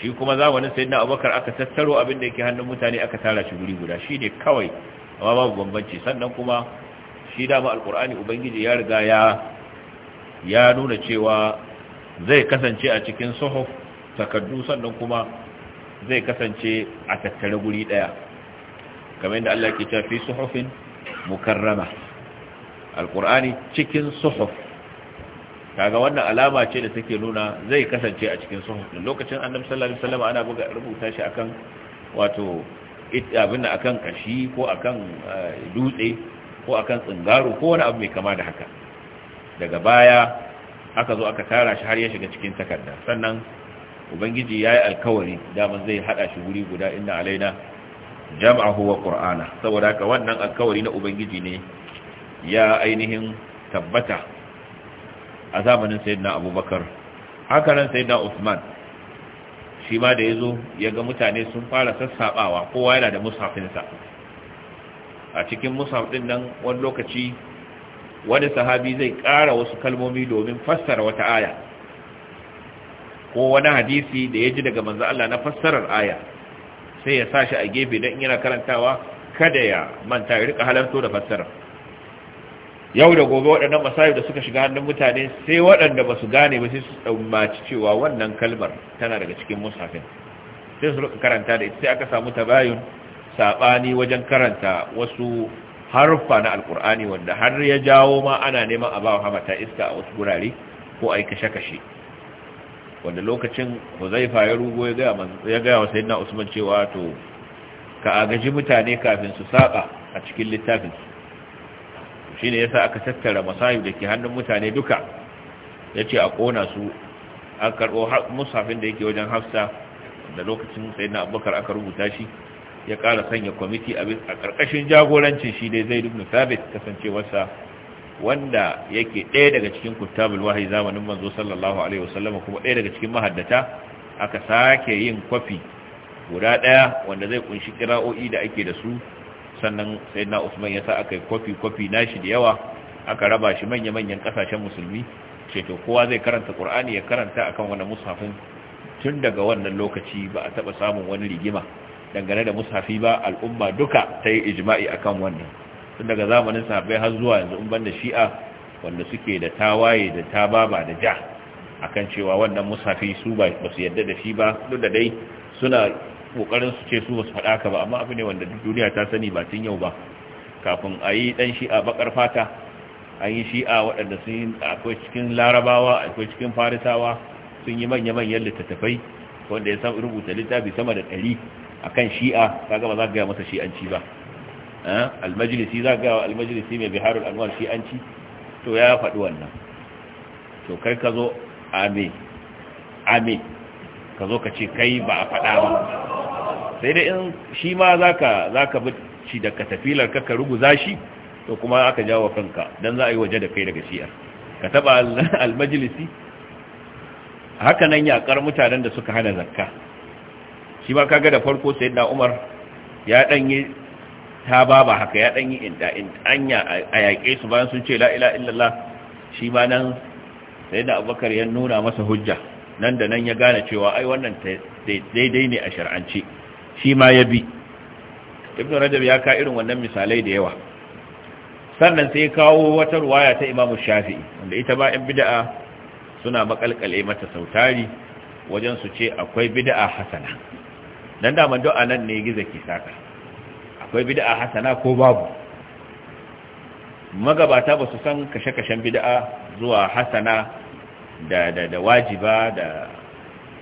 shi kuma zamanin sayyidina abubakar aka tattaro abin da yake hannun mutane aka tara shi guri guda shine kawai amma babu bambanci sannan kuma shi dama alkur'ani ubangiji ya riga ya ya nuna cewa zai kasance a cikin suhuf takaddu sannan kuma zai kasance a tattare guri daya kamar yadda Allah ke cewa fi suhufin mukarrama alkur'ani cikin suhuf kaga wannan alama ce da take nuna zai kasance a cikin suhuf lokacin annabi sallallahu alaihi wasallam ana buga rubuta shi akan wato abin akan kashi ko akan eh, dutse ko akan tsingaro ko wani abu mai kama da haka daga baya aka zo aka tara shi har ya shiga cikin takarda sannan ubangiji ya yi alkawari daman zai hada shi guri guda inda alaina jam'ahu wa qur'ana saboda haka wannan alkawari na ubangiji ne ya ainihin tabbata a zamanin sayyidina abubakar haka nan sayyidina usman shi ma da ya zo ya ga mutane sun fara sassaɓawa kowa yana da musafinsa. a cikin musaf din nan wani lokaci wani sahabi zai kara wasu kalmomi domin fassara wata aya ko wani hadisi da ya ji daga manzo Allah na fassarar aya sai ya sashi a gefe dan yana karantawa kada ya manta ya rika halarto da fassara yau da gobe waɗannan masayi da suka shiga hannun mutane sai waɗanda ba su gane ba sai su tsammaci cewa wannan kalmar tana daga cikin musafin sai su karanta da ita sai aka samu tabayun saɓani wajen karanta wasu harfa na alkur'ani wanda har ya jawo ma ana neman a ba wa hamata iska a wasu gurare ko a yi kashe-kashe wanda lokacin huzaifa ya rugo ya gaya wa sayyidina usman cewa to ka agaji mutane kafin su saba a cikin littafin shi ne yasa aka tattara masayu da ke hannun mutane duka ya ce a kona su an karɓo musafin da yake wajen hafsa da lokacin sayyidina abubakar aka rubuta shi ya ƙara sanya kwamiti a ƙarƙashin jagorancin shi dai zai dubnu sabit kasancewarsa wanda yake ɗaya daga cikin kuttabul wahayi zamanin manzo sallallahu alaihi wasallam kuma ɗaya daga cikin mahaddata aka sake yin kwafi guda ɗaya wanda zai kunshi kira'o'i da ake da su sannan sai na Usman ya sa aka yi kwafi kwafi nashi da yawa aka raba shi manya-manyan kasashen musulmi ceto kowa zai karanta Qur'ani ya karanta akan wani mushafin tun daga wannan lokaci ba a taɓa samun wani rigima dangane da mushafi ba al'umma duka ta yi ijma'i a kan wannan tun daga zamanin sahabbai har zuwa yanzu in banda shi'a wanda suke da tawaye da ta baba da ja A kan cewa wannan mushafi su ba su yadda da shi ba duk da dai suna kokarin su ce su basu su faɗa ka ba amma abu ne wanda duniya ta sani ba tun yau ba kafin a yi ɗan shi'a bakar fata an yi shi'a waɗanda sun yi akwai cikin larabawa akwai cikin farisawa sun yi manya-manyan littattafai wanda ya rubuta littafi sama da ɗari akan shi'a kaga ba za ka gaya masa shi'anci ba al-majlisi za ka gaya al-majlisi mai biharul anwar shi'anci to ya faɗi wannan to kai ka zo ame ame ka zo ka ce kai ba a faɗa ba sai dai in shi ma za ka bi shi da tafilar ka ka ruguza shi to kuma aka jawo kanka don za a yi waje da kai daga shi'ar ka taɓa almajlisi haka nan yaƙar mutanen da suka hana zakka shi ma kaga da farko sai na Umar ya danyi ta baba haka ya danyi inda anya a yaƙe su bayan sun ce la ilaha illallah shi ma nan sai da Abubakar ya nuna masa hujja nan da nan ya gane cewa ai wannan daidai ne a shar'anci shi ma ya bi ibn rajab ya ka irin wannan misalai da yawa sannan sai ya kawo wata ruwaya ta imamu shafi'i wanda ita ba in bid'a suna makalkale mata sautari wajen su ce akwai bid'a hasana dan da man du'a nan ne gizo ke saka akwai bid'a hasana ko babu magabata ba su san kashe-kashen bid'a zuwa hasana da da da wajiba da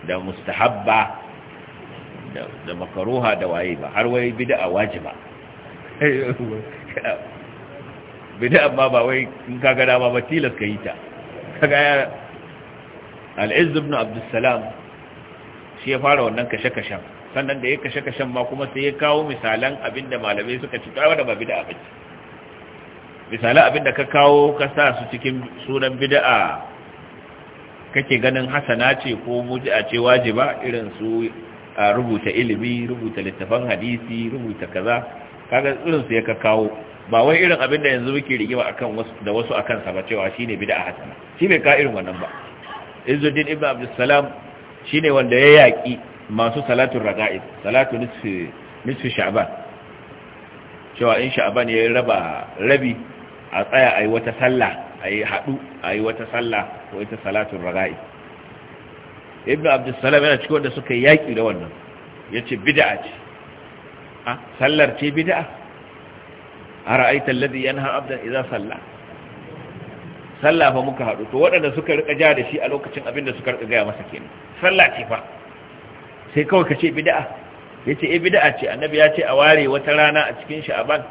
da mustahabba da da makaruha da waye ba har wai bid'a wajiba eh, bid'a ba ba wai in ga dama ba tilas ka yi ta kaga al-izz ibn abdussalam shi ya fara wannan kashe-kashen sannan da ya kashe kashen ma kuma sai ya kawo misalan abinda malamai suka ci kawo da ba bid'a bace misalan abinda ka kawo ka sa su cikin sunan bid'a kake ganin hasana ce ko a ce wajiba irin su rubuta ilimi rubuta littafan hadisi rubuta kaza kaga irin su ya ka kawo ba wai irin abinda yanzu muke rigima akan wasu da wasu akan sa ba cewa shine bid'a hasana shi bai ka irin wannan ba izuddin ibn Abdul Salam shine wanda ya yaki masu salatun raga'ib salatun nisfi sha'ban cewa in sha'ban ya raba rabi a tsaya a yi wata sallah a yi haɗu a yi wata sallah ko ita salatun raga'ib ibn Salam yana cikin wanda suka yaƙi da wannan ya ce bida'a ce a ah, sallar ce bida'a a ra'aitar ladi yana abdan idan sallah sallah fa muka haɗu to waɗanda suka rika ja da shi a lokacin abin da suka rika gaya masa kenan sallah ce fa sai kawai ka ce bida'a ya ce eh da'a ce annabi ya ce a ware wata rana a cikin sha'aban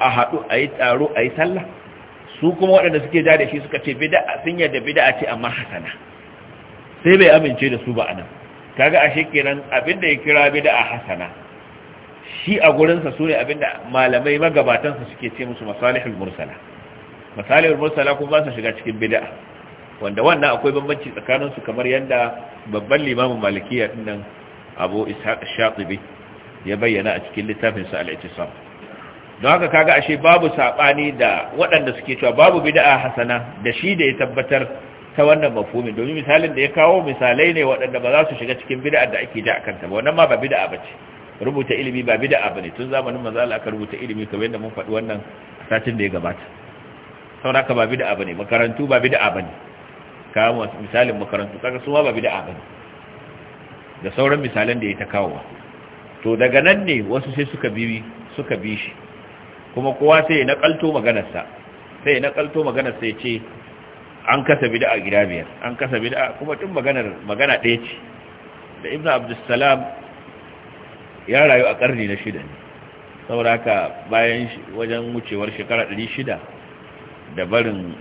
a haɗu a yi taro a yi sallah su kuma waɗanda suke ja da shi suka ce bida'a sun yarda bid'a ce amma hasana sai bai amince da su ba anan kaga ashe kenan abinda ya kira bidaa hasana shi a gurinsa su ne abinda malamai magabatansa suke ce musu masalihul mursala masalihul mursala kuma ba su shiga cikin bida'a wanda wannan akwai bambanci tsakaninsu kamar yadda babban limamin malikiya din nan abu ishaq shatibi ya bayyana a cikin littafinsa al-i'tisam don haka kaga ashe babu sabani da waɗanda suke cewa babu bid'a hasana da shi da ya tabbatar ta wannan mafhumi domin misalin da ya kawo misalai ne waɗanda ba za su shiga cikin bid'a da ake da akan ta ba wannan ma ba bid'a bace rubuta ilimi ba bid'a bane tun zamanin manzo Allah aka rubuta ilimi kamar yadda mun faɗi wannan satin da ya gabata saboda haka ba bid'a bane makarantu ba bid'a bane kawo misalin makarantu kaga su ma ba bid'a bane da sauran misalan da ya ta kawo to daga nan ne wasu sai suka bi suka bi shi kuma kowa sai ya nakalto maganarsa sai ya nakalto maganarsa ya ce an kasa bid'a gida biyar an kasa bid'a kuma tun maganar magana ɗaya ce da ibnu abdussalam ya rayu a karni na shida ne saboda haka bayan wajen wucewar shekara shida. da barin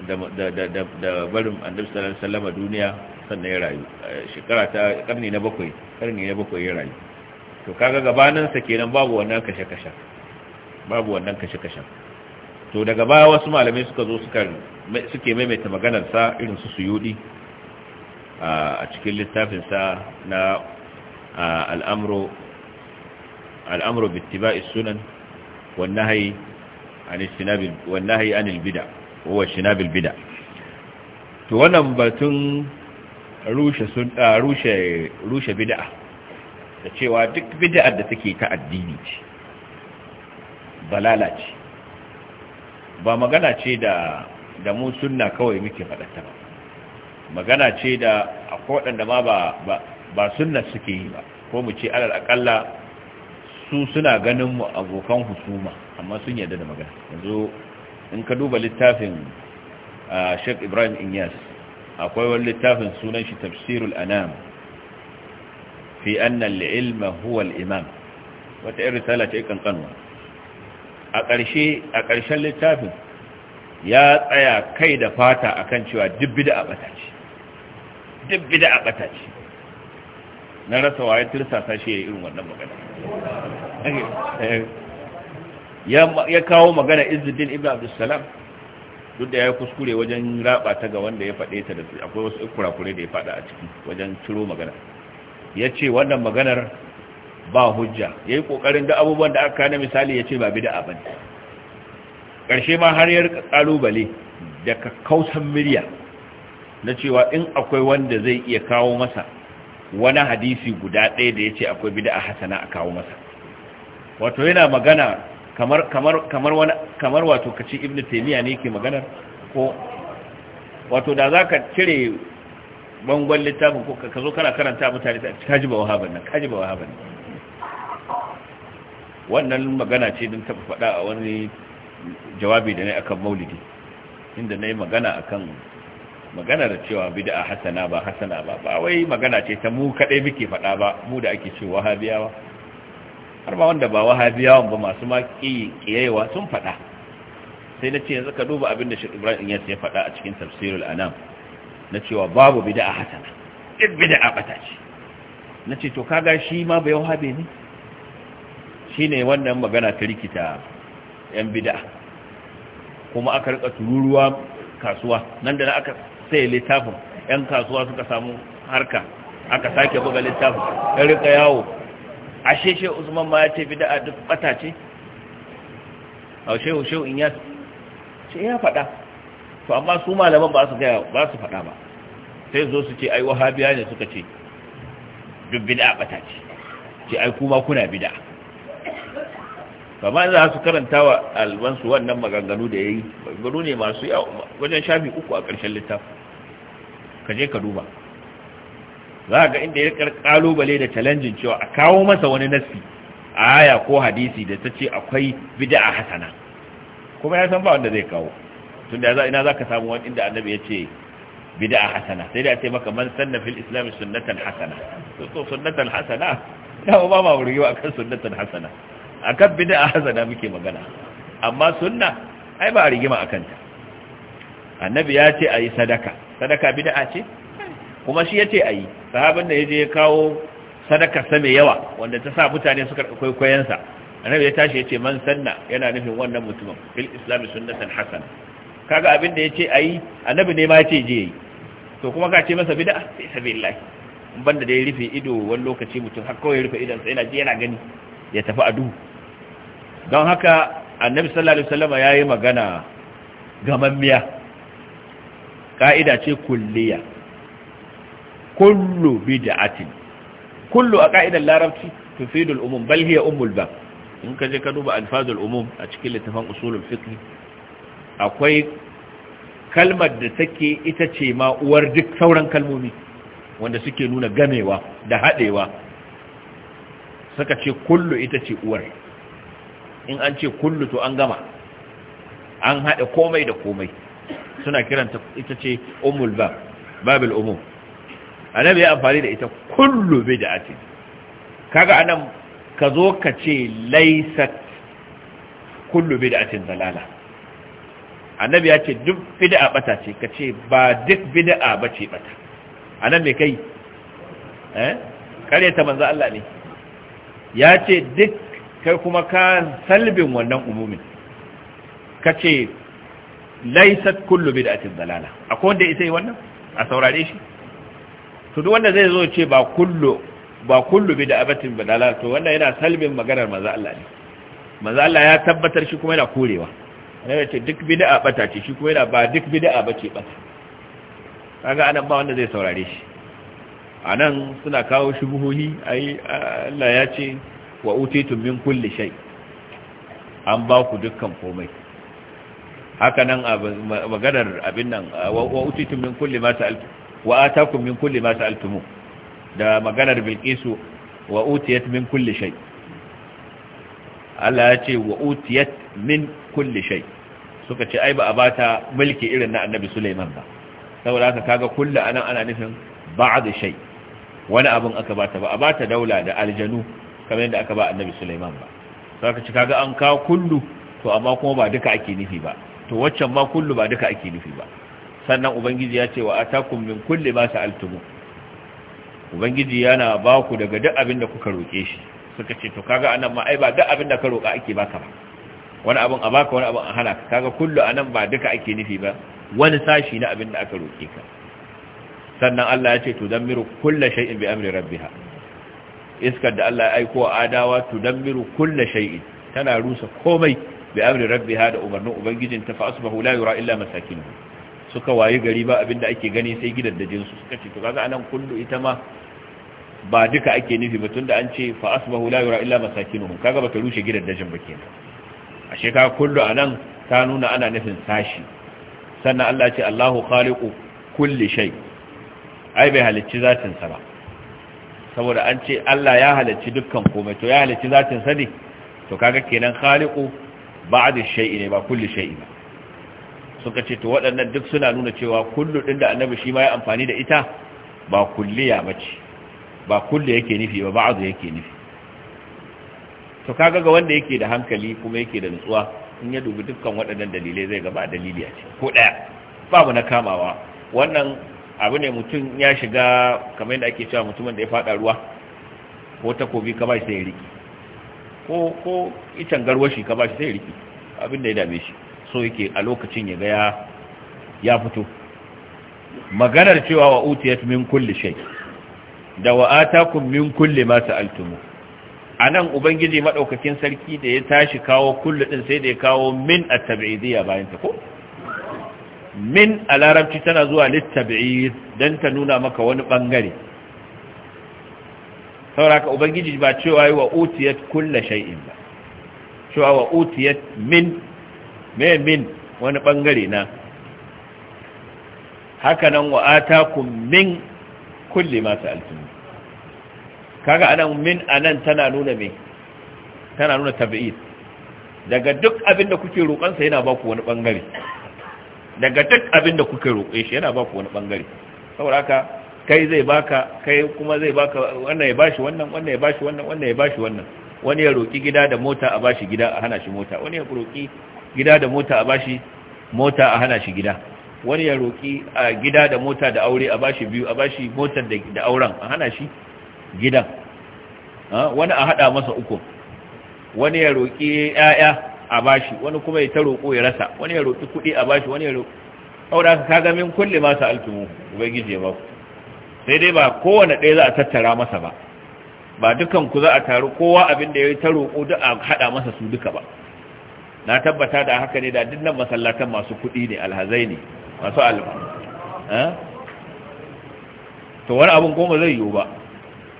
annabi sallallahu alaihi duniya sannan ya rayu eh, shekara ta karni na bakwai karni na bakwai ya rayu to kaga gabaninsa kenan babu wannan kashe-kashe babu wannan kashe-kashe to daga baya wasu malamai suka zo suke maimaita maganarsa irin su suyudi a cikin littafinsa na al'amro bittiba isunan sunan wannan hayi an istinabil wannan hayi anil bid'a wa shinabil bida to wannan batun rushe sun rushe rushe bid'a da cewa duk bid'ar da take ta addini ce balala ce ba magana ce da da mu sunna kawai muke faɗata ba magana ce da akwai waɗanda ma ba ba sunna suke yi ba ko mu ce alal akalla su suna ganin mu abokan husuma amma sun yarda da magana yanzu in ka duba littafin a Sheikh Ibrahim Inyas akwai wani littafin sunan shi tafsirul anam fi anna al-ilma huwa al-imam wata irin risala ce kankanwa a ƙarshen littafin ya tsaya kai da fata akan cewa duk bid'a bata ce duk bid'a bata ce na rasa waye tursasa shi ya irin wannan magana eh, eh. ya kawo magana Izudin ibn abdussalam duk da ya yi kuskure wajen raba ta ga wanda ya faɗe ta da su akwai wasu kurakure da ya faɗa a ciki wajen ciro magana ya ce wannan maganar ba hujja ya yi ƙoƙarin da abubuwan da aka na misali ya ce ba bida abin ƙarshe ma har yar ƙalubale da kausan miliya na cewa in akwai wanda zai iya kawo masa wani hadisi guda ɗaya da ya ce akwai bida a hasana a kawo masa wato yana magana kamar kamar kamar wani kamar wato kace taymiya ne yake magana ko wato da zaka cire bangon littafin ko ka zo kana karanta mutane ta kaji ba wahaban nan kaji ba wahaban nan wannan magana ce din ta faɗa a wani jawabi da nayi akan maulidi inda nayi magana akan magana da cewa bid'a hasana ba hasana ba ba wai magana ce ta mu kadai muke faɗa ba mu da ake cewa wahabiyawa har ma wanda ba wahabiyawan ba masu ma kiyayewa sun faɗa sai na ce yanzu ka duba abin da shi ibrahim yas ya faɗa a cikin tafsirul anam na cewa babu bid'a hasana duk bid'a ɓata ce na ce to kaga shi ma bai wahabe ne Shi ne wannan magana ta rikita yan bid'a kuma aka rika tururuwa kasuwa nan da aka sai littafin yan kasuwa suka samu harka aka sake buga littafin ya rika yawo ashe shi usman ma ya ce bid'a duk bata ce a shehu in ya ce ya faɗa to amma su malaman ba su gaya ba su faɗa ba sai zo su ce ai wahabiya ne suka ce duk bid'a bata ce ce ai kuma kuna bid'a ma za su karanta wa albansu wannan maganganu da ya yi maganganu ne masu yawa wajen shafi uku a ƙarshen littafin ka je ka duba za ga inda ya ƙalubale da challenging cewa a kawo masa wani nassi aya ko hadisi da ta ce akwai bid'a hasana kuma ya san ba wanda zai kawo tunda za ina zaka samu wani inda annabi ya ce bid'a hasana sai da ce maka man sanna fil islam sunnatan hasana to to sunnatan hasana da ba ma ba akan sunnatan hasana akan bid'a hasana muke magana amma sunna ai ba a rigima akan ta annabi ya ce ayi sadaka sadaka bid'a ce kuma shi ya ce ayi sahabin da ya je ya kawo sadaka sa mai yawa wanda ta sa mutane suka kwaikwayensa annabi ya tashi ya ce man sanna yana nufin wannan mutumin fil islami sunnatan hasana kaga abin da ya ce ayi annabi ne ma ya ce je yi to kuma ka ce masa bid'a sai sabilillah banda da ya rufe ido wani lokaci mutum har kawai rufe idan sa yana je yana gani ya tafi adu don haka annabi sallallahu alaihi wasallam yayi magana gamammiya ka'ida ce kulliya kullu bid'atin kullu a ka'idar larabci tufidul umum bal hiya ummul bab in ka je ka duba alfazul umum a cikin littafin usulul fiqh akwai kalmar da take ita ce ma uwar duk sauran kalmomi wanda suke nuna gamewa da hadewa suka ce kullu ita ce uwar in an ce kullu to an gama an hada komai da komai suna kiranta ita ce ummul bab babul umum annabi ya amfani da ita kullu bid'atin kaga anan ka zo ka ce laysat kullu bid'atin dalala annabi ya ce duk bid'a bata ce ka ce ba duk bid'a bace bata anan me kai eh kare ta manzo Allah ne ya ce duk kai kuma ka salbin wannan umumin ka ce laysat kullu bid'atin dalala akwai wanda ita yi wannan a saurare shi to duk wanda zai zo ce ba kullu ba kullu bi da abatin badala to wanda yana salbin maganar manzo Allah ne manzo Allah ya tabbatar shi kuma yana korewa annabi ce duk bid'a bata ce shi kuma yana ba duk bid'a bace bata kaga anan ba wanda zai saurare shi anan suna kawo shubuhi ai Allah ya ce wa utitu min kulli shay an ba ku dukkan komai haka nan maganar abin nan wa utitu min kulli ma sa'altum wa atakum min kulle masu sa'altumu da maganar Bilkisu wa utiyat min kulle shai. Allah ya ce wa utiyat min kulle shai suka ce ai ba a ba ta mulki irin na Annabi Suleiman ba saboda haka kaga kulle a nan ana nufin ba a da shai, wani abin aka ba ta, ba a ba ta daula da aljanu kamar yadda aka ba Annabi Suleiman ba saboda ci kaga an kawo kullu to amma kuma ba duka ake nufi ba to waccan ma kullu ba duka ake nufi ba sannan ubangiji ya ce wa atakum min kulli ma sa'altum ubangiji yana ba ku daga duk abin da kuka roke shi suka ce to kaga anan ma ai ba duk abin da ka roka ake baka ba wani abin a baka wani abin a hana ka kaga kullu anan ba duka ake nufi ba wani sashi na abin da aka roke ka sannan Allah ya ce to damiru kullu shay'in bi amri rabbiha iskar da Allah ya aiko adawa to damiru kullu shay'in tana rusa komai bi amri rabbiha da umarnin ubangijin ta fa asbahu la yura illa masakinuhu suka wayi gari ba abinda ake gani sai gidaddajin su suka ce to kaga anan kullu ita ma ba duka ake nufi ba tunda an ce fa asbahu la yura illa masakinuhum kaga bata rushe gidaddajin ba kenan ashe ka kullu anan ta nuna ana nufin sashi sannan Allah ce Allahu khaliqu kulli shay ai bai halicci zatin sa ba saboda an ce Allah ya halicci dukkan komai to ya halicci zatin sa ne to kaga kenan khaliqu ba'd shay'i ne ba kulli shay'i ba suka ce to waɗannan duk suna nuna cewa kullu ɗin da annabi shi ma ya amfani da ita ba kulliya ba ce ba kullu yake nufi ba ba'azu yake nufi to kaga ga wanda yake da hankali kuma yake da nutsuwa in ya dubi dukkan waɗannan dalilai zai gaba dalili a ce ko ɗaya babu na kamawa wannan abu ne mutum ya shiga kamar yadda ake cewa mutumin da ya faɗa ruwa ko takobi ka ba shi sai ya riƙe ko ko itan garwashi ka ba shi sai ya riƙe abin da ya dame shi so yake a lokacin ya ga ya fito maganar cewa wa utiyat min kulli shay da wa atakum min kulli ma sa'altumu anan ubangiji madaukakin sarki da ya tashi kawo kullu din sai da ya kawo min at-tab'idiyya bayan ta ko min a larabci tana zuwa lit-tab'id don ta nuna maka wani bangare sauraka ubangiji ba cewa yi wa utiyat kulla shay'in ba cewa wa utiyat min me min wani bangare na haka nan wa atakum min kulli ma sa'altum kaga anan min anan tana nuna me tana nuna tabi'id daga duk abin da kuke roƙon sa yana baku wani bangare daga duk abin da kuke roƙe shi yana baku wani bangare saboda haka kai zai baka kai kuma zai baka wannan ya bashi wannan wannan ya bashi wannan wannan ya bashi wannan wani ya roƙi gida da mota a bashi gida a hana shi mota wani ya roƙi gida da mota a bashi mota a hana shi gida wani ya roƙi a gida da mota da aure a bashi biyu a bashi motar da auren a hana shi gidan wani a haɗa masa uku wani ya roƙi ‘ya'ya a bashi wani kuma ya ta roƙo ya rasa wani ya roƙi kuɗi a bashi wani ya roƙi aura ka ga min kulle masa altumu ubangiji ba sai dai ba kowane ɗaya za a tattara masa ba ba dukan ku za a taru kowa abin da ya ta roƙo duk a haɗa masa su duka ba na tabbata da haka ne da dinnan masallatan masu kuɗi ne alhazai ne masu alfa to wani abin goma zai yiwu ba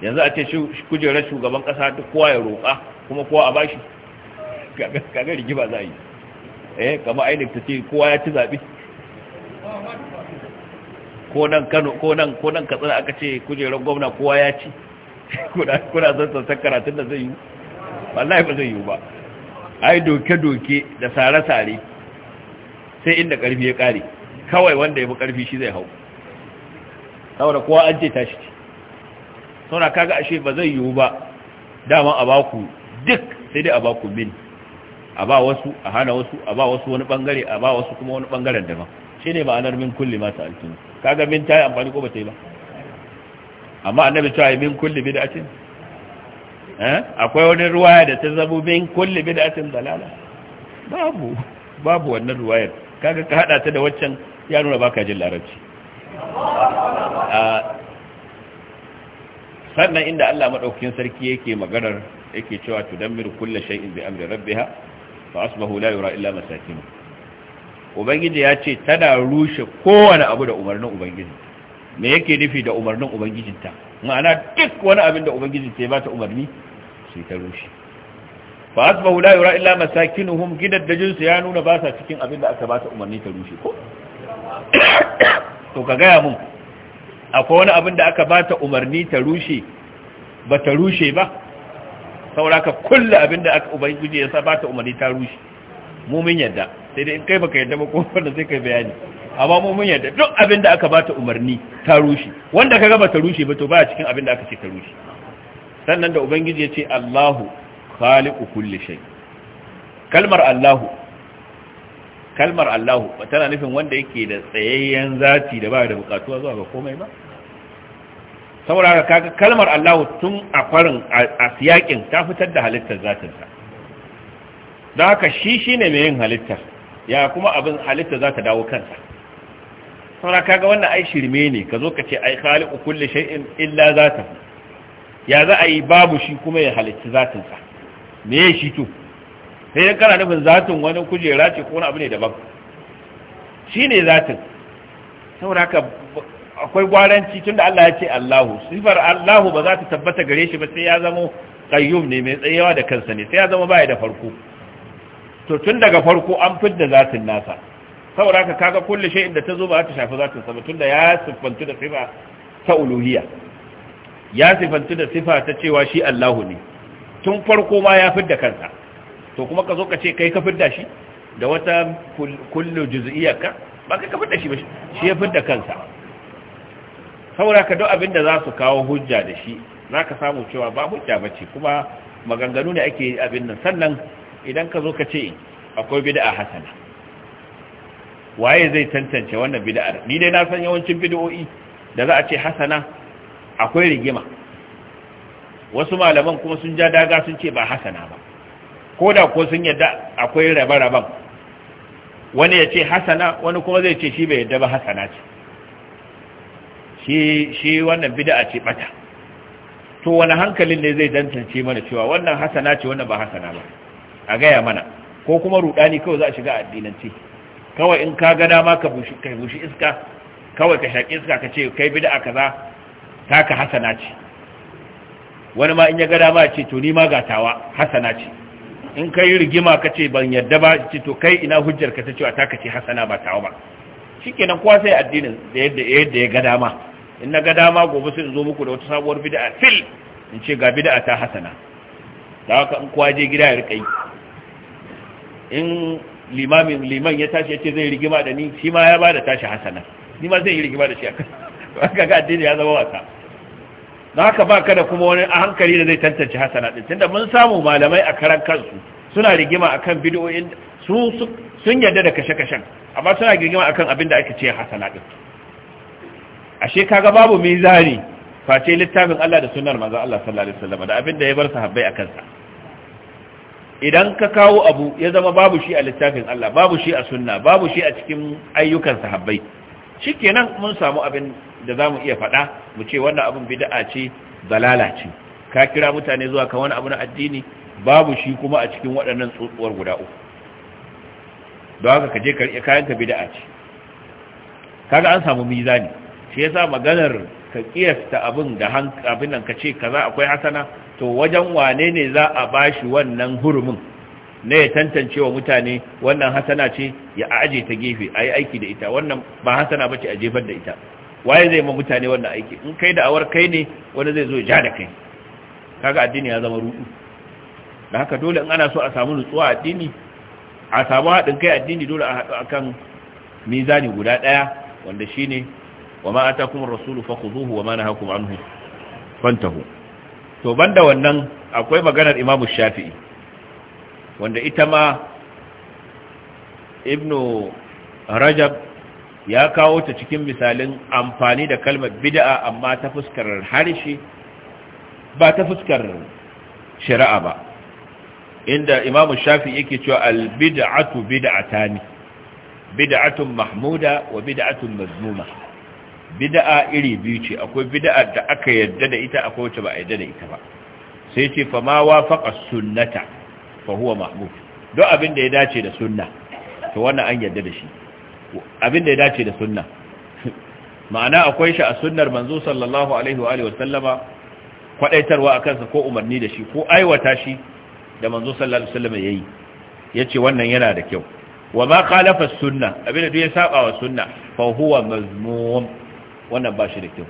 yanzu a ce kujerar shugaban ƙasa duk kowa ya roƙa kuma kowa a bashi ga rigima za a yi eh kama ainih ta ce kowa ya ci zaɓe ko nan kano ko nan ko nan katsina aka ce kujerar gwamna kowa ya ci kuna zan sassan karatun da zai yi ba zai yi ba ai doke-doke da sare-sare sai inda ƙarfi ya ƙare kawai wanda ya fi ƙarfi shi zai hau saboda kowa an ce tashi ce sauna kaga ashe ba zai yiwu ba dama a baku duk sai dai a baku min a ba wasu a hana wasu a ba wasu wani bangare a ba wasu kuma wani bangaren daban shi ne ma'anar min kulli masu alkini kaga min ta yi amfani ko ba ta yi ba amma annabi cewa min kulli ake Eh? akwai wani ruwaya da ta zamo bin kulli bid'atin dalala babu babu wannan ruwayar kaga ka hada ta da waccan ya nuna baka jin larabci ah, sannan inda Allah madaukakin sarki yake maganar yake cewa tudammiru kulli shay'in bi amri rabbiha fa asbahu la yura illa masakin ubangiji ya ce tana rushe kowane abu da umarnin ubangiji me yake nufi da umarnin ubangijinta ma'ana duk wani abin da ubangiji sai ba ta umarni sai ta rushe fa asbahu la yura illa masakinuhum gidan da jinsu ya nuna ba sa cikin abin da aka ba ta umarni ta rushe ko to ka gaya mun akwai wani abin da aka ba ta umarni ta rushe ba ta rushe ba ka kulle abin da aka ubangiji ya sa ba ta umarni ta rushe mumin yadda sai dai in kai baka yadda ba ko wanda sai kai bayani amma mu mun yadda duk abin da aka bata umarni ta rushe wanda kaga ba ta rushe ba to ba cikin abin da aka ce ta rushe sannan da ubangiji ya ce Allahu khaliqu kulli shay kalmar Allahu kalmar Allahu ba tana nufin wanda yake da tsayayyen zati da ba da bukatuwa zuwa ga komai ba saboda kaga kalmar Allahu tun a farin a siyakin ta fitar da halittar zatinsa don haka shi shine mai yin halittar ya kuma abin halitta za ta dawo kansa saura kaga wannan ai shirme ne ka zo ka ce ai khaliqu kulli shay'in illa zata ya za a yi babu shi kuma ya halicci zatin sa me ya shi to sai dan kana nufin zatin wani kujera ce ko wani abu ne daban shine zatin saura ka akwai gwaranci tunda Allah ya ce Allahu sifar Allahu ba za ta tabbata gare shi ba sai ya zama qayyum ne mai tsayawa da kansa ne sai ya zama bai da farko to tun daga farko an fidda zatin nasa saboda haka kaga kullu shay'in da ta zo ba ta shafi zatin sa tunda ya siffantu da sifa ta uluhiyya ya siffantu da sifa ta cewa shi Allahu ne tun farko ma ya fidda kansa to kuma ka zo ka ce kai ka fidda shi da wata kullu juz'iyyaka ba kai ka fidda shi ba shi ya fidda kansa saboda ka duk abin da za su kawo hujja da shi za ka samu cewa ba hujja ba ce kuma maganganu ne ake abin nan sannan idan ka zo ka ce akwai bida a hasana waye zai tantance wannan bid'ar ni dai na san yawancin bid'o'i da za a ce hasana akwai rigima wasu malaman kuma sun ja daga sun ce ba hasana ba ko da ko sun yadda akwai rabe-raben wani ya ce hasana wani kuma zai ce shi bai yadda ba hasana ce shi shi wannan bid'a ce bata to wani hankalin ne zai tantance mana cewa wannan hasana ce wannan ba hasana ba a gaya mana ko kuma rudani kawai za a shiga addinance kawai in ka ga dama ka bushi kai bushi iska kawai ka shaki iska ka ce kai bid'a kaza taka hasana ce wani ma in ya ga dama ya ce to ni ma gatawa hasana ce in kai rigima ka ce ban yadda ba ce to kai ina hujjar ka ta cewa taka ce hasana ba tawa ba shikenan kowa sai addinin da yadda yadda ya ga dama in na ga dama gobe sai in zo muku da wata sabuwar bid'a fil in ce ga bid'a ta hasana da haka in kowa je gida ya rika yi in limamin liman ya tashi yace zai rigima da ni shi ma ya bada tashi hasana ni ma zai rigima da shi aka ga addini ya zama wasa na haka ba kada kuma wani a hankali da zai tantance hasana din tunda mun samu malamai a karan kansu suna rigima akan bidiyoyin su sun yarda da kashe-kashen amma suna rigima akan abin da ake ce hasana din ashe kaga babu mizani face littafin Allah da sunnar manzon Allah sallallahu alaihi wasallam da abin da ya bar sahabbai akan sa idan ka kawo abu ya zama babu shi a littafin Allah babu shi a sunna babu shi a cikin ayyukan sahabbai shikenan mun samu abin da zamu iya faɗa mu ce wannan abin bid'a ce zalala ce ka kira mutane zuwa kan wani abu na addini babu shi kuma a cikin waɗannan tsotsuwar guda uku don haka ka je ka riƙe kayan ka bid'a ce kaga an samu mizani shi yasa maganar ka kiyasta abin da abin nan ka ce kaza akwai hasana to wajen wane ne za a bashi wannan hurumin na ya tantance wa mutane wannan hasana ce ya aje ta gefe a yi aiki da ita wannan ba hasana ba ce a jefar da ita waye zai ma mutane wannan aiki in kai da awar kai ne wani zai zo ja da kai kaga addini ya zama rudu da haka dole in ana so a samu nutsuwa addini a samu haɗin kai addini dole a haɗu akan mizani guda ɗaya wanda shine wa ma kuma rasulu fakhuzuhu wa ma nahakum anhu fantahu to banda wannan akwai maganar imamu shafi'i wanda ita ma ibnu rajab ya kawo ta cikin misalin amfani da kalmar bid'a amma ta fuskar harshe ba ta fuskar shari'a ba inda imamu shafi'i yake cewa albid'atu bid'atani bid'atun mahmuda wa bid'atun mazmuma Bida'a iri biyu ce akwai bida'a da aka yadda da ita akwai wacce ba a yadda da ita ba sai ce fa ma wafaqa sunnata fa huwa mahmud duk abin da ya dace da sunna to wannan an yadda da shi abin da ya dace da sunna ma'ana akwai shi a sunnar manzo sallallahu alaihi wa alihi wasallama kwadaitarwa akan sa ko umarni da shi ko aiwata shi da manzo sallallahu alaihi wasallam yayi yace wannan yana da kyau wa ma khalafa sunna abin da duk ya saba wa sunna fa huwa mazmum wannan ba shi da kyau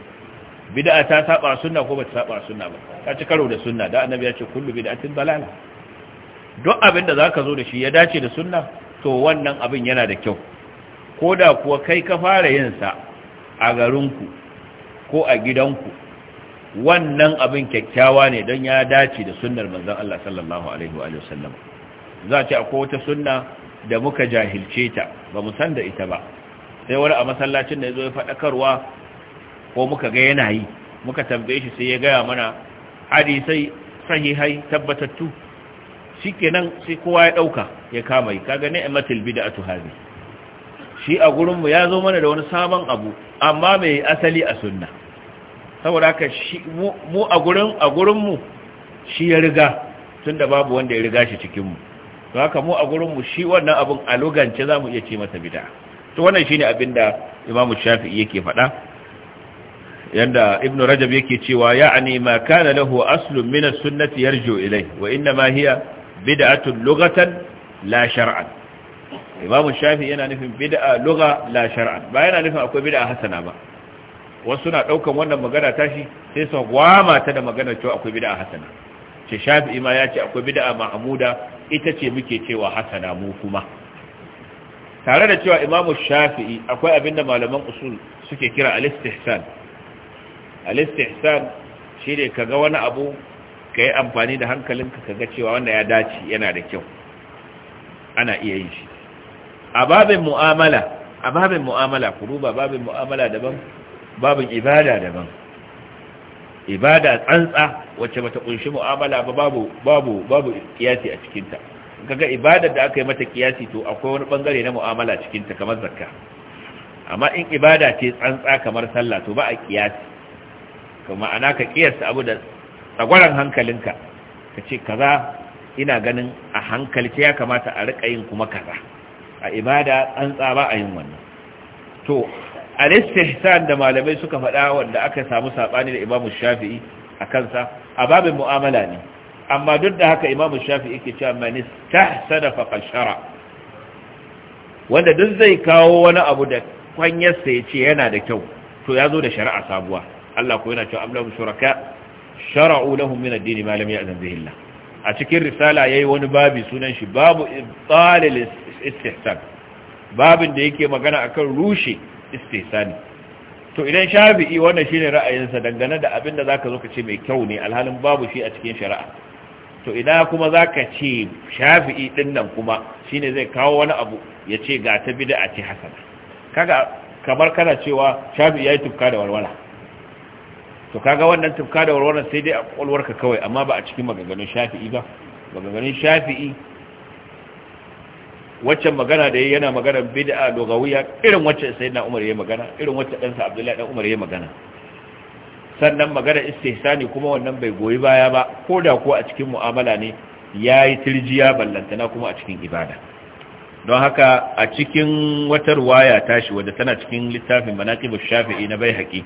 bid'a ta saba sunna ko ba ta saba sunna ba ta ci karo da sunna da annabi ya ce kullu bid'atin dalala duk abin da zaka zo da shi ya dace da sunna to wannan abin yana da kyau ko da kuwa kai ka fara yin sa a garinku ko a gidanku wannan abin kyakkyawa ne don ya dace da sunnar manzon Allah sallallahu alaihi wa sallam za ce akwai wata sunna da muka jahilce ta ba mu san da ita ba sai wani a masallacin da ya zo ya faɗakarwa ko muka ga yana yi muka tambaye shi sai ya gaya mana hadisai sahihai tabbatattu nan sai kowa ya ɗauka ya kama yi kaga da a tuhari shi a gurinmu ya zo mana da wani sabon abu amma mai asali a sunna saboda haka shi mu a gurin shi ya riga tunda babu wanda ya riga shi cikin mu haka mu a gurin shi wannan abun a lugance zamu iya ce masa bid'a to wannan shine abin da Imam Shafi'i yake faɗa yanda Ibn Rajab yake cewa ya'ani ma kana lahu aslun min as-sunnati yarju ilai wa inna ma hiya bid'atun lughatan la shar'an Imam Shafi'i yana nufin bid'a lugha la shar'an ba yana nufin akwai bid'a hasana ba wasu na daukan wannan magana tashi sai su gwama ta da magana cewa akwai bid'a hasana ce Shafi'i ma ya ce akwai bid'a mahmuda ita ce muke cewa hasana mu kuma tare da cewa imamu shafi'i akwai abinda malaman usul suke kira alistihsan alistihsan shi ne ka ga wani abu ka yi amfani da hankalinka ka ga cewa wanda ya dace yana da kyau ana iya yin shi a babin mu'amala a babin mu'amala kuruba babin mu'amala daban babin ibada daban ibada tsantsa wacce bata kunshi mu'amala ba babu babu babu kiyasi a cikinta kaga ibada da aka yi mata kiyasi to akwai wani bangare na mu'amala cikin ta kamar zakka amma in ibada ce tsantsa kamar sallah to ba a kiyasi kuma ana ka kiyasta abu da tsagwaran hankalinka ka ce kaza ina ganin a hankalce ya kamata a riƙa yin kuma kaza a ibada tsantsa ba a yin wannan to a istihsan da malamai suka faɗa wanda aka samu saɓani da imamu Shafi'i a kansa a babin mu'amala ne amma duk da haka imamu shafi yake cewa manis tahsana faqad shara wanda duk zai kawo wani abu da kwanyarsa ya ce yana da kyau to ya zo da shari'a sabuwa Allah ko yana cewa amlahu shuraka shara'u lahum min ad-din ma lam ya'zan bihi Allah a cikin risala yayi wani babi sunan shi babu ibtal istihsan babin da yake magana akan rushe istihsani to idan shafi'i wannan shine ra'ayinsa dangane da abin da zaka zo ka ce mai kyau ne alhalin babu shi a cikin shari'a to ina kuma za ka ce shafi'i ɗin nan kuma shi ne zai kawo wani abu ya ce ga ta bida a ce hasana kaga kamar kana cewa shafi'i ya yi tufka da walwala to kaga wannan tufka da walwala sai dai a ƙwalwarka kawai amma ba a cikin maganganun shafi'i ba maganganun shafi'i waccan magana da yana magana bid'a lugawiya irin wacce sayyidina Umar ya magana irin wacce ɗansa Abdullahi dan Umar ya magana sannan magana istihsani kuma wannan bai goyi baya ba ko da ko a cikin mu'amala ne yayi tirjiya ballantana kuma a cikin ibada don haka a cikin wata ruwaya tashi wadda tana cikin littafin manaqib shafi'i na baihaqi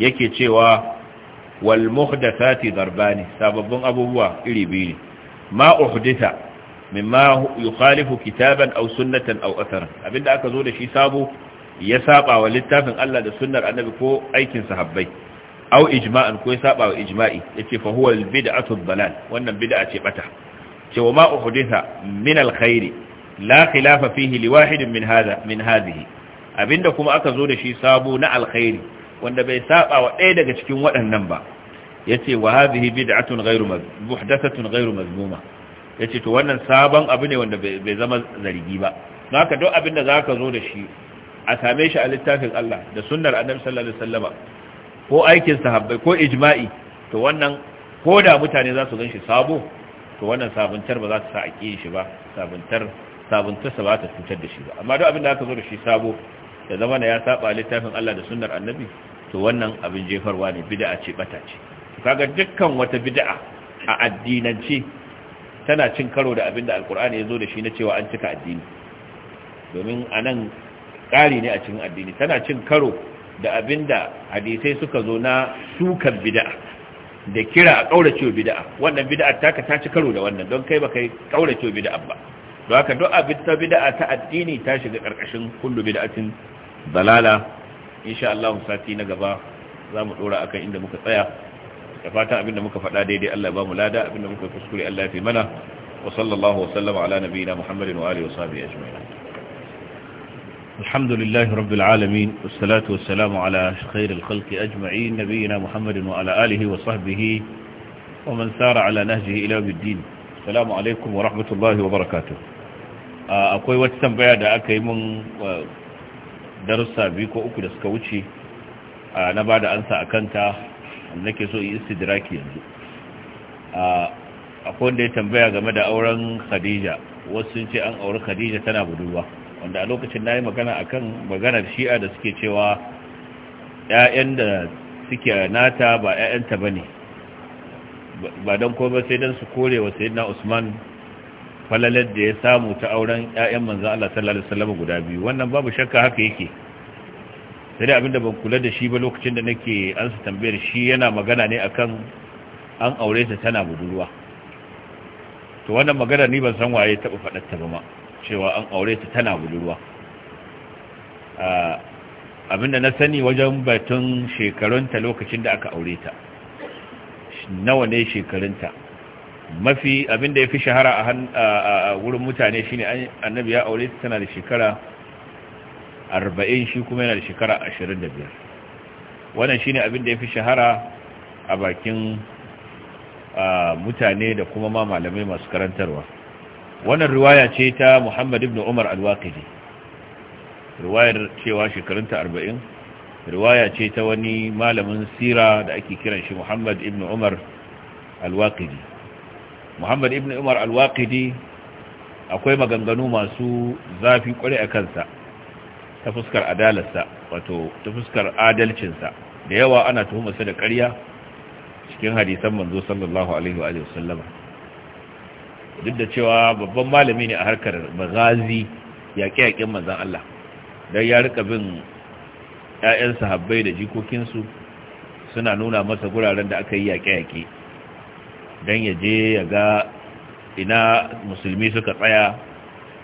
yake cewa wal muhdathati darbani sababbin abubuwa iri biyu ne ma uhditha mimma yukhalifu kitaban aw sunnatan aw abinda aka zo da shi sabo ya saba wa littafin Allah da sunnar annabi ko aikin sahabbai au ijma'an ko ya saba wa ijma'i yace fa huwa bid'atu wannan bid'a ce bata ce wa ma uhditha min alkhairi la khilafa fihi li wahidin min hadha min hadhihi abinda kuma aka zo da shi sabo na alkhairi wanda bai saba wa ɗaya daga cikin waɗannan ba yace wa hadhihi bid'atun ghairu muhdathatun ghairu mazmuma yace to wannan sabon abu ne wanda bai zama zargi ba haka duk abinda zaka zo da shi a same shi a littafin Allah da sunnar Annabi sallallahu alaihi wasallama ko aikin sahabbai ko ijma'i to wannan ko da mutane za su ganshi sabo to wannan sabuntar ba za ta sa a ƙi shi ba sabuntar sabuntar sa ba ta cutar da shi ba amma duk abin da aka zo da shi sabo da zama ya saba littafin Allah da sunnar annabi to wannan abin jefarwa ne bid'a ce bata ce kaga dukkan wata bid'a a addinance tana cin karo da abin da alkur'ani ya zo da shi na cewa an cika addini domin anan ƙari ne a cikin addini tana cin karo da abinda hadisai suka zo na sukan bid'a da kira a kaurace bid'a wannan bid'a taka ta ci karo da wannan don kai baka kaurace bid'a ba don haka duk abin ta bid'a ta addini ta shiga karkashin kullu bid'atin dalala insha Allah sati na gaba zamu dora akan inda muka tsaya da fatan abinda muka faɗa daidai Allah ya ba mu lada abinda muka kuskure Allah ya fi mana wa sallallahu wa sallama ala nabiyina Muhammadin wa alihi wa sahbihi ajma'in الحمد لله رب العالمين والصلاة والسلام على خير الخلق أجمعين نبينا محمد وعلى آله وصحبه ومن سار على نهجه إلى بالدين السلام عليكم ورحمة الله وبركاته akwai wata tambaya da aka yi mun darussa biyu ko uku da suka wuce na ba da ansa a kanta nake so in istidraki yanzu akwai wanda ya tambaya game da auren khadija wasu sun ce an auri khadija tana budurwa wanda a lokacin na yi magana a kan maganar shi'a da suke cewa 'ya'yan da suke nata ba 'ya'yanta ba ne ba don koma sai don su kore wa na usman falalar da ya samu ta auren 'ya'yan manzan Allah sallallahu Alaihi wasallam guda biyu wannan babu shakka haka yake sai dai abinda ban kula da shi ba lokacin da nake an su tambayar shi yana magana ne akan an aure ta tana budurwa to wannan magana ni ban san waye taɓa faɗar ta ba ma cewa an aure ta tana budurwa abinda na sani wajen batun shekarunta lokacin da aka aure ta nawa ne shekarunta mafi abinda ya fi shahara a wurin mutane shine annabi ya aure ta tana da shekara arba'in shi kuma yana da shekara ashirin da biyar wannan shine abinda ya fi shahara a bakin mutane da kuma ma malamai masu karantarwa wannan riwaya ce ta Muhammad ibn Umar al-Waqidi riwayar cewa shekarunta 40 riwaya ce ta wani malamin sira da ake kiran shi Muhammad ibn Umar al-Waqidi Muhammad ibn Umar al-Waqidi akwai maganganu masu zafi kware a kansa ta fuskar adalarsa wato ta fuskar adalcinsa da yawa ana tuhumarsa da ƙarya cikin hadisan manzo sallallahu alaihi wa sallama duk da cewa babban malami ne a harkar magazi yaƙe-yaƙen manzan Allah don ya rika bin 'ya'yan sahabbai da jikokinsu suna nuna masa guraren da aka yi yaƙe-yaƙe don ya je ya ga ina musulmi suka tsaya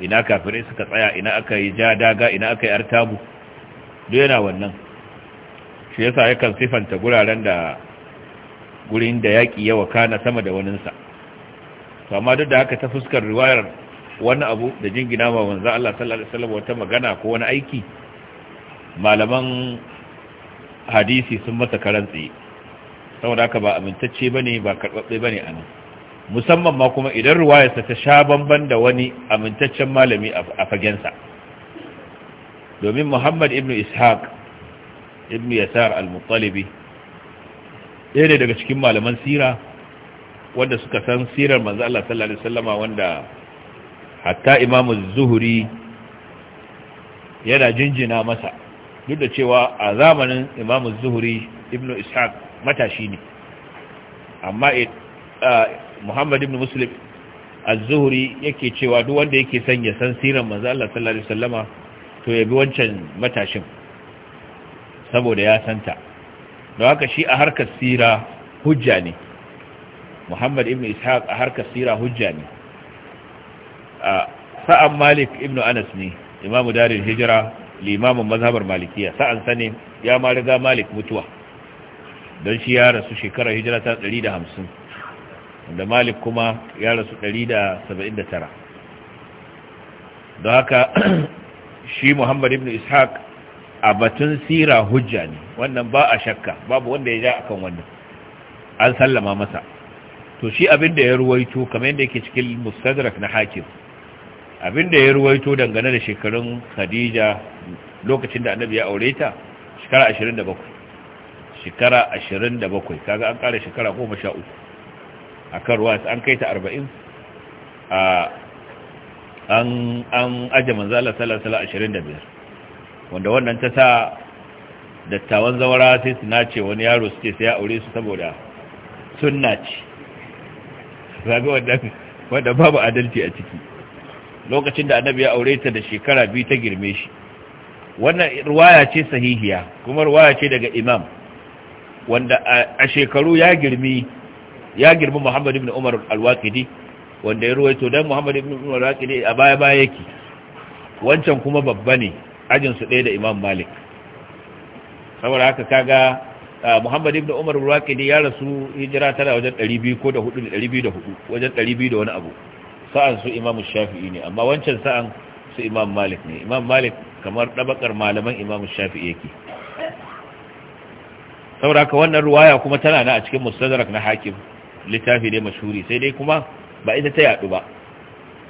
ina kafirai suka tsaya ina aka yi ja daga ina aka yi artabu duk yana wannan shi yasa yakan sifanta guraren da gurin da yaƙi yawa kana sama da waninsa amma duk da haka ta fuskar riwayar wani abu da jingina ma wanzu Allah sallallahu alaihi wasallam wata magana ko wani aiki malaman hadisi sun masa karantsi saboda haka ba amintacce bane ba karbabbe bane anan musamman ma kuma idan riwayarsa ta sha bamban da wani amintaccen malami a fagensa domin Muhammad ibn Ishaq ibn Yasar al-Muttalibi ɗaya daga cikin malaman sira wanda suka san sirar manzo Allah sallallahu alaihi wasallama wanda hatta imamu zuhuri yana jinjina masa duk da cewa a zamanin imamu zuhuri ibnu ishaq matashi ne amma eh, muhammad ibn muslim az-zuhri yake cewa duk wanda yake son ya san sirar manzo Allah sallallahu alaihi wasallama to ya bi wancan matashin saboda ya santa don haka shi a harkar sira hujja ne muhammad ibn ishaq a harkar sira hujja ne sa'an malik ibn anas ne imamu darin hijira limamin mazhabar malikiya sa'an sani ya ma riga malik mutuwa don shi ya rasu shekarar hijira ta 150 da malik kuma ya rasu 179 don haka shi muhammad ibn ishaq a batun sira hujja ne wannan ba a shakka babu wanda ya ja akan wannan an sallama masa to shi abin da ya ruwaito kamar yadda yake cikin mustadrak na hakim abin da ya ruwaito dangane da shekarun khadija lokacin da annabi ya aure ta shekara 27 shekara 27 kaga an kare shekara 13 akan ruwa an kai ta 40 a an an aje manzo Allah sallallahu alaihi wasallam 25 wanda wannan ta sa dattawan zawara sai su nace wani yaro suke sai ya aure su saboda sunna ce zaga wannan wanda babu adalci a ciki lokacin da annabi ya aure ta da shekara biyu ta girme shi wannan ruwaya ce sahihiya kuma ruwaya ce daga imam wanda a shekaru ya girmi ya girmi Muhammad ibn Umar al-Waqidi wanda ya ruwaito don Muhammad ibn Umar al-Waqidi a baya baya yake wancan kuma babba ne ajin su ɗaya da Imam Malik saboda haka kaga Ah, muhammad ibn umar waqidi ya rasu hijira tana wajen 200 ko da 400 da 204 wajen 200 da wani abu sa'an su imam shafi'i ne amma wancan sa'an su imam malik ne imam malik kamar dabakar malaman imam shafi'i yake saboda haka wannan ruwaya kuma tana na a cikin mustadrak na hakim littafi ne mashhuri sai dai kuma ba ita ta yadu ba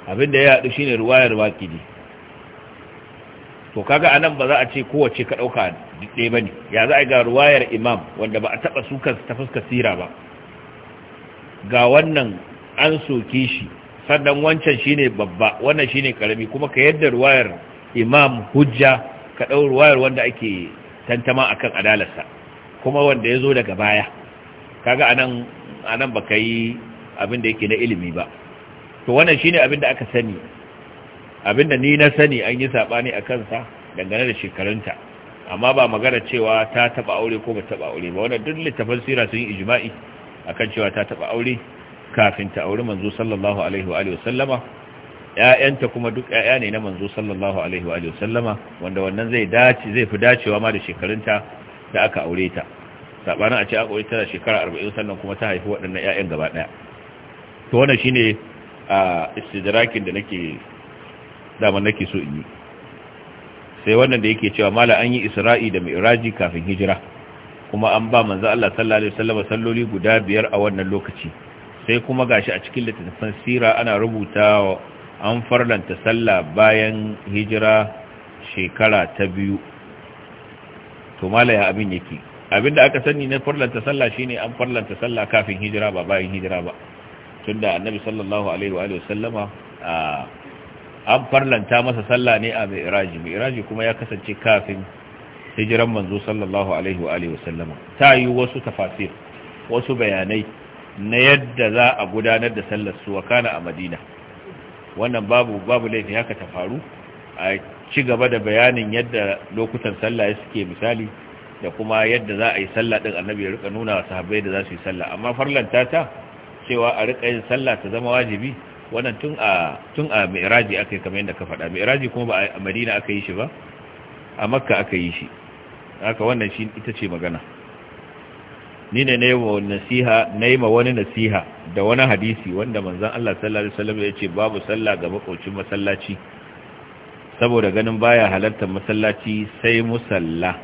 abinda ya yadu shine ruwayar waqidi to kaga anan ba za a ce kowace ka dauka ɗaya bane ya za a ga ruwayar imam wanda ba a taba sukar ta fuskar sira ba ga wannan an soke shi sannan wancan shine babba wannan shine karami kuma ka yadda ruwayar imam hujja ka dau ruwayar wanda ake tantama akan adalarsa kuma wanda ya zo daga baya kaga anan anan baka yi abin da yake na ilimi ba to wannan shine abin da aka sani Abin da ni na sani an yi saɓani a kansa dangane da shekarunta amma ba magana cewa ta taba aure ko ba taɓa aure ba wannan duk littafan sirra sun yi ijma'i akan cewa ta taɓa aure kafin ta auri manzo sallallahu alaihi wa alihi wasallama ƴaƴanta kuma duk ƴaƴa ne na manzo sallallahu alaihi wa alihi wanda wannan zai dace zai fi dacewa ma da shekarunta da aka aure ta sabanin a ce aka aure ta da shekara 40 sannan kuma ta haifi waɗannan ƴaƴan gaba ɗaya to wannan shine a istidrakin da nake daman nake so in yi sai wannan da yake cewa mala an yi isra'i da mi'raji kafin hijira kuma an ba manzo Allah sallallahu alaihi wasallam salloli guda biyar a wannan lokaci sai kuma gashi a cikin littattafan sira ana rubuta an farlanta sallah bayan hijira shekara ta biyu to mala ya abin yake abinda aka sani na farlanta sallah shine an farlanta sallah kafin hijira ba bayan hijira ba tunda annabi sallallahu alaihi wa sallama a an farlanta masa sallah ne a mi'raji mi'raji kuma ya kasance kafin hijiran manzo sallallahu alaihi wa alihi wasallama ta yi wasu tafasir wasu bayanai na yadda za a gudanar da sallar su wakana a Madina wannan babu babu laifi haka ta faru a ci gaba da bayanin yadda lokutan sallah ya suke misali da kuma yadda za a yi sallah din annabi ya rika nuna wa sahabbai da za su yi sallah amma farlanta ta cewa a rika yin sallah ta zama wajibi wannan tun a tun a mi'raji akai kamar yadda ka faɗa mi'raji kuma ba a madina aka yi shi ba a makka aka yi shi haka wannan shi ita ce magana ni ne na yi ma wani nasiha da wani hadisi wanda manzon Allah sallallahu Alaihi wasallam ya ce babu sallah ga makocin masallaci saboda ganin baya halartar masallaci sai musalla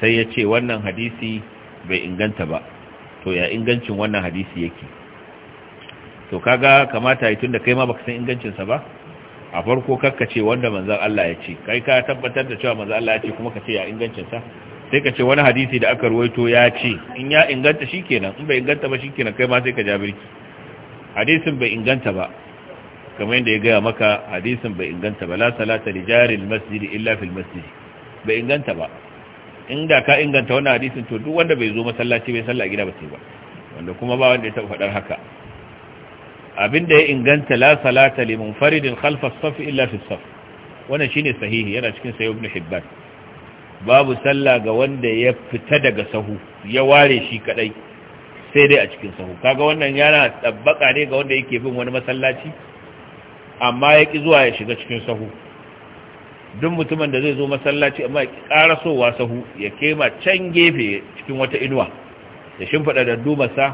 sai ya ce wannan hadisi bai inganta ba to ya ingancin wannan hadisi yake to kaga kamata yi tunda kai ma baka san ingancinsa ba a farko kakka ce wanda manzan Allah ya ce kai ka tabbatar da cewa manzan Allah ya ce kuma ka ce ya ingancinsa sai ka ce wani hadisi da aka ruwaito ya ce in ya inganta shi kenan in bai inganta ba shi kenan kai ma sai ka jabirki hadisin bai inganta ba kamar yadda ya gaya maka hadisin bai inganta ba la salata li jaril masjid illa fil masjid bai inganta ba inda ka inganta wannan hadisin to duk wanda bai zo masallaci bai sallah gida ba sai ba wanda kuma ba wanda ya taɓa faɗar haka abinda ya inganta la salata li munfaridin khalfa as-saf illa fi as-saf wannan shine sahihi yana cikin sayyid ibn hibban babu sallah ga wanda ya fita daga sahu ya ware shi kadai sai dai a cikin sahu kaga wannan yana tabbaka ne ga wanda yake bin wani masallaci amma ya ki zuwa ya shiga cikin sahu duk mutumin da zai zo masallaci amma ya karasowa sahu ya kema can gefe cikin wata inuwa ya shimfada da dubarsa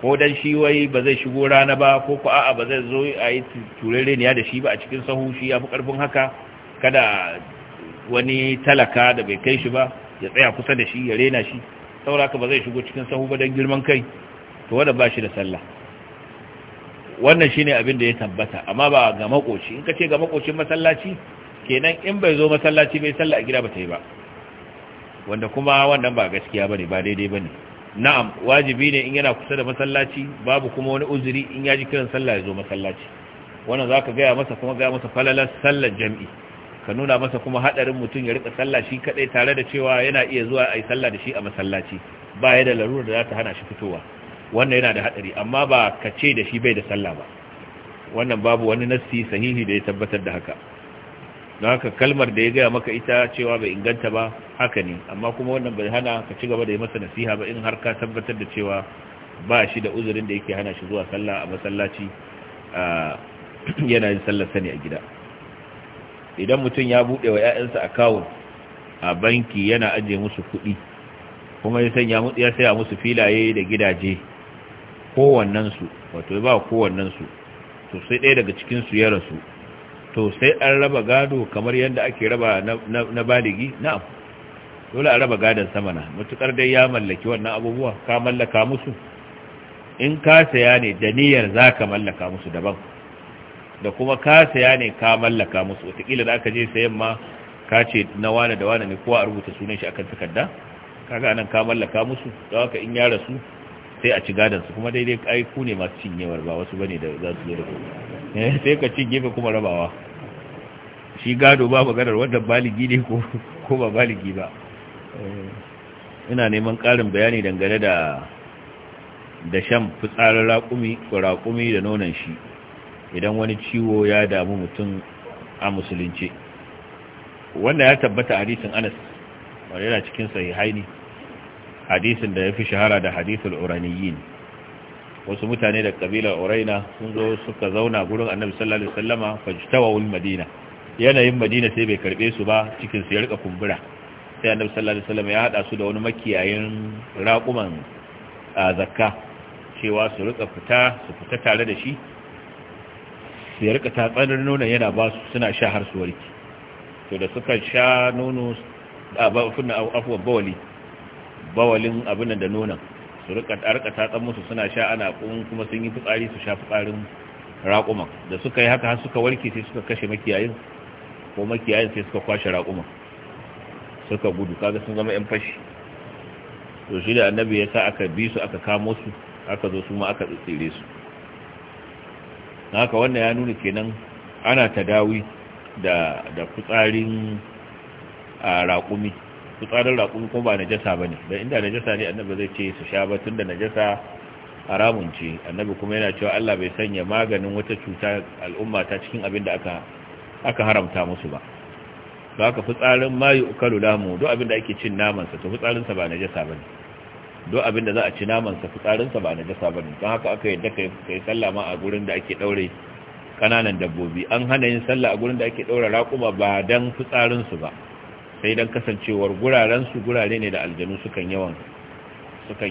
ko dan shi wai ba zai shigo rana ba ko ko a'a ba zai zo a yi ya da shi ba a cikin sahu shi ya fi karfin haka kada wani talaka da bai kai shi ba ya tsaya kusa da shi ya rena shi sauraka ba zai shigo cikin sahu ba dan girman kai to wanda ba shi da sallah wannan shine abin da ya tabbata amma ba ga makoci in ka ce ga makocin masallaci kenan in bai zo masallaci bai sallah a gida ba ta yi ba wanda kuma wannan ba gaskiya bane ba daidai bane na'am wajibi ne in yana kusa da masallaci babu kuma wani uzuri in ya ji kiran sallah ya zo masallaci wannan zaka ka gaya masa kuma gaya masa falalar sallar jam'i ka nuna masa kuma haɗarin mutum ya rika sallah shi kaɗai tare da cewa yana iya zuwa a sallah da shi a masallaci ba ya da larura da za ta hana shi fitowa wannan yana da haɗari amma ba ka ce da shi bai da sallah ba wannan babu wani nassi sahihi da ya tabbatar da haka don haka kalmar da ya gaya maka ita cewa bai inganta ba haka ne amma kuma wannan bai hana ka ci gaba da yi masa nasiha ba in har ka tabbatar da cewa ba shi da uzurin da yake hana shi zuwa sallah a masallaci yana yin sallar sani a gida idan mutum ya buɗe wa 'ya'yansa akawun a banki yana ajiye musu kuɗi kuma ya sanya ya saya musu filaye da gidaje kowannensu wato ya ba kowannensu to sai ɗaya daga cikin su ya rasu to sai an raba gado kamar yadda ake raba na baligi na'am dole a raba gadon sama samana matukar dai ya mallaki wannan abubuwa ka mallaka musu in ka saya ne da niyyar za ka mallaka musu daban da kuma ka saya ne ka mallaka musu watakila da aka je sayan ma ka ce na wane da wane ne kowa a rubuta sunan shi akan takarda kaga nan ka mallaka musu don haka in ya rasu sai a ci gadon su kuma daidai ai ku ne masu cinyewar ba wasu bane da za su zo eh, sai ka ci gefe kuma rabawa shi gado ba gadar wanda baligi ne ko ba baligi ba eh, ina neman karin bayani dangane da da shan fitsarin raƙumi raƙumi da nonon shi idan wani ciwo ya damu mutum a musulunci wanda ya tabbata hadisin Anas wanda yana cikin sahihaini hadisin da ya fi shahara da hadisul uraniyin wasu mutane da kabilar uraina sun zo suka zauna gurin annabi sallallahu alaihi wasallama fajtawul madina yanayin madina sai bai karbe su ba cikin su ya rika kumbura sai annabi sallallahu alaihi wasallama ya hada su da wani makiyayin raquman zakka cewa su rika fita su fita tare da shi su ya rika tsananin nono yana ba su suna sha har su warki to da suka sha nono a ba afwan bawali bawalin abin da nonon su rika ta tsan musu suna sha ana kun kuma sun yi fitsari su sha fitsarin raƙuman da suka yi haka har suka warke sai suka kashe makiyayin ko makiyayin sai suka kwashe raƙuman suka gudu kaga sun zama yan fashi to shi da annabi ya sa aka bi su aka kamo su aka zo su ma aka tsire su haka wannan ya nuna kenan ana tadawi da da fitsarin a raƙumi fitsarin raƙumi kuma ba najasa bane dan inda najasa ne annabi zai ce su sha ba tun da najasa haramun ce annabi kuma yana cewa Allah bai sanya maganin wata cuta al'umma ta cikin abin da aka aka haramta musu ba to haka fitsarin mayu ukalu lamu do abin da ake cin naman sa to fitsarin sa ba najasa bane do abin da za a ci naman sa fitsarin sa ba najasa bane don haka aka yadda kai kai sallah ma a gurin da ake daure kananan dabbobi an hana yin sallah a gurin da ake daura raƙuma ba dan fitsarin su ba sai dan kasancewar guraren su gurare ne da aljanu sukan yawan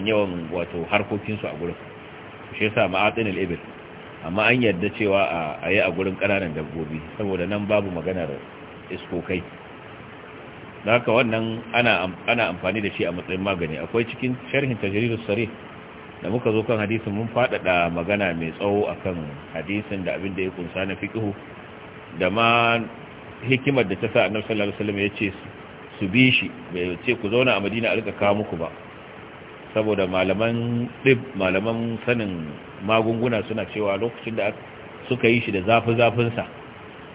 yawan wato harkokinsu a gurin shi yasa ma'atinul ibil amma an yarda cewa a yi a gurin kananan dabbobi saboda nan babu maganar iskokai da haka wannan ana amfani da shi a matsayin magani akwai cikin sharhin tajridus sarih da muka zo kan hadisin mun faɗaɗa magana mai tsawo akan hadisin da abin da ya kunsa na da ma hikimar da ta sa annabi sallallahu alaihi wasallam ya ce su bi shi bai ce ku zauna a madina a rika kawo muku ba saboda malaman ɗib malaman sanin magunguna suna cewa lokacin da suka yi shi da zafi-zafinsa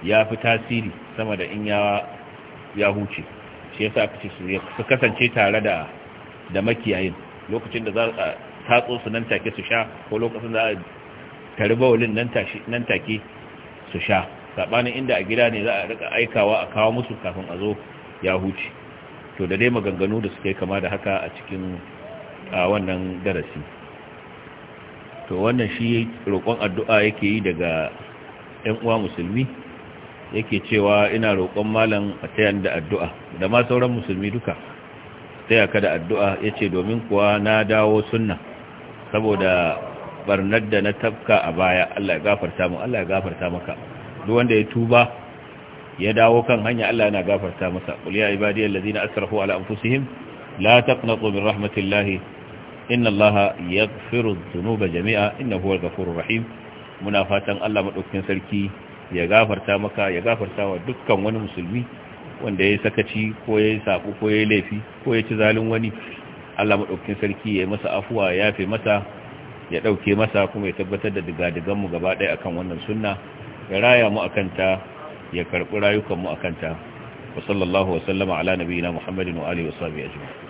ya fi tasiri sama da in ya huce shi yasa aka ce su kasance tare da da makiyayin lokacin da za a tatso su nan take su sha ko lokacin da a tari bawulin nan take su sha saɓanin inda a gida ne za a rika aikawa a kawo musu kafin a zo ya huce to da dai maganganu da suka yi kama da haka a cikin a wannan darasi to wannan shi roƙon addu'a yake yi daga ɗan uwa musulmi yake cewa ina roƙon malam a tayan da addu'a da ma sauran musulmi duka taya ka da addu'a ya ce domin kuwa na dawo sunna saboda barnar da na tafka a baya Allah ya gafarta mu Allah ya gafarta maka duk wanda ya tuba ya dawo kan hanya Allah yana gafarta masa qul ya ibadiyal ladina asrafu ala anfusihim la taqnatu min rahmatillahi inna allaha yaghfiru dhunuba jami'a innahu huwal ghafurur rahim muna fatan Allah madaukakin sarki ya gafarta maka ya gafarta wa dukkan wani musulmi wanda yayi sakaci ko yayi sako ko yayi laifi ko yayi ci zalin wani Allah madaukakin sarki ya masa afuwa ya yafe masa ya dauke masa kuma ya tabbatar da digadigan mu gaba ɗaya akan wannan sunna ya raya mu akan ta ya karɓi rayukanmu a kanta wa sallallahu wa sallama ala nabiyina muhammadin wa alihi wa sahbihi ajma'in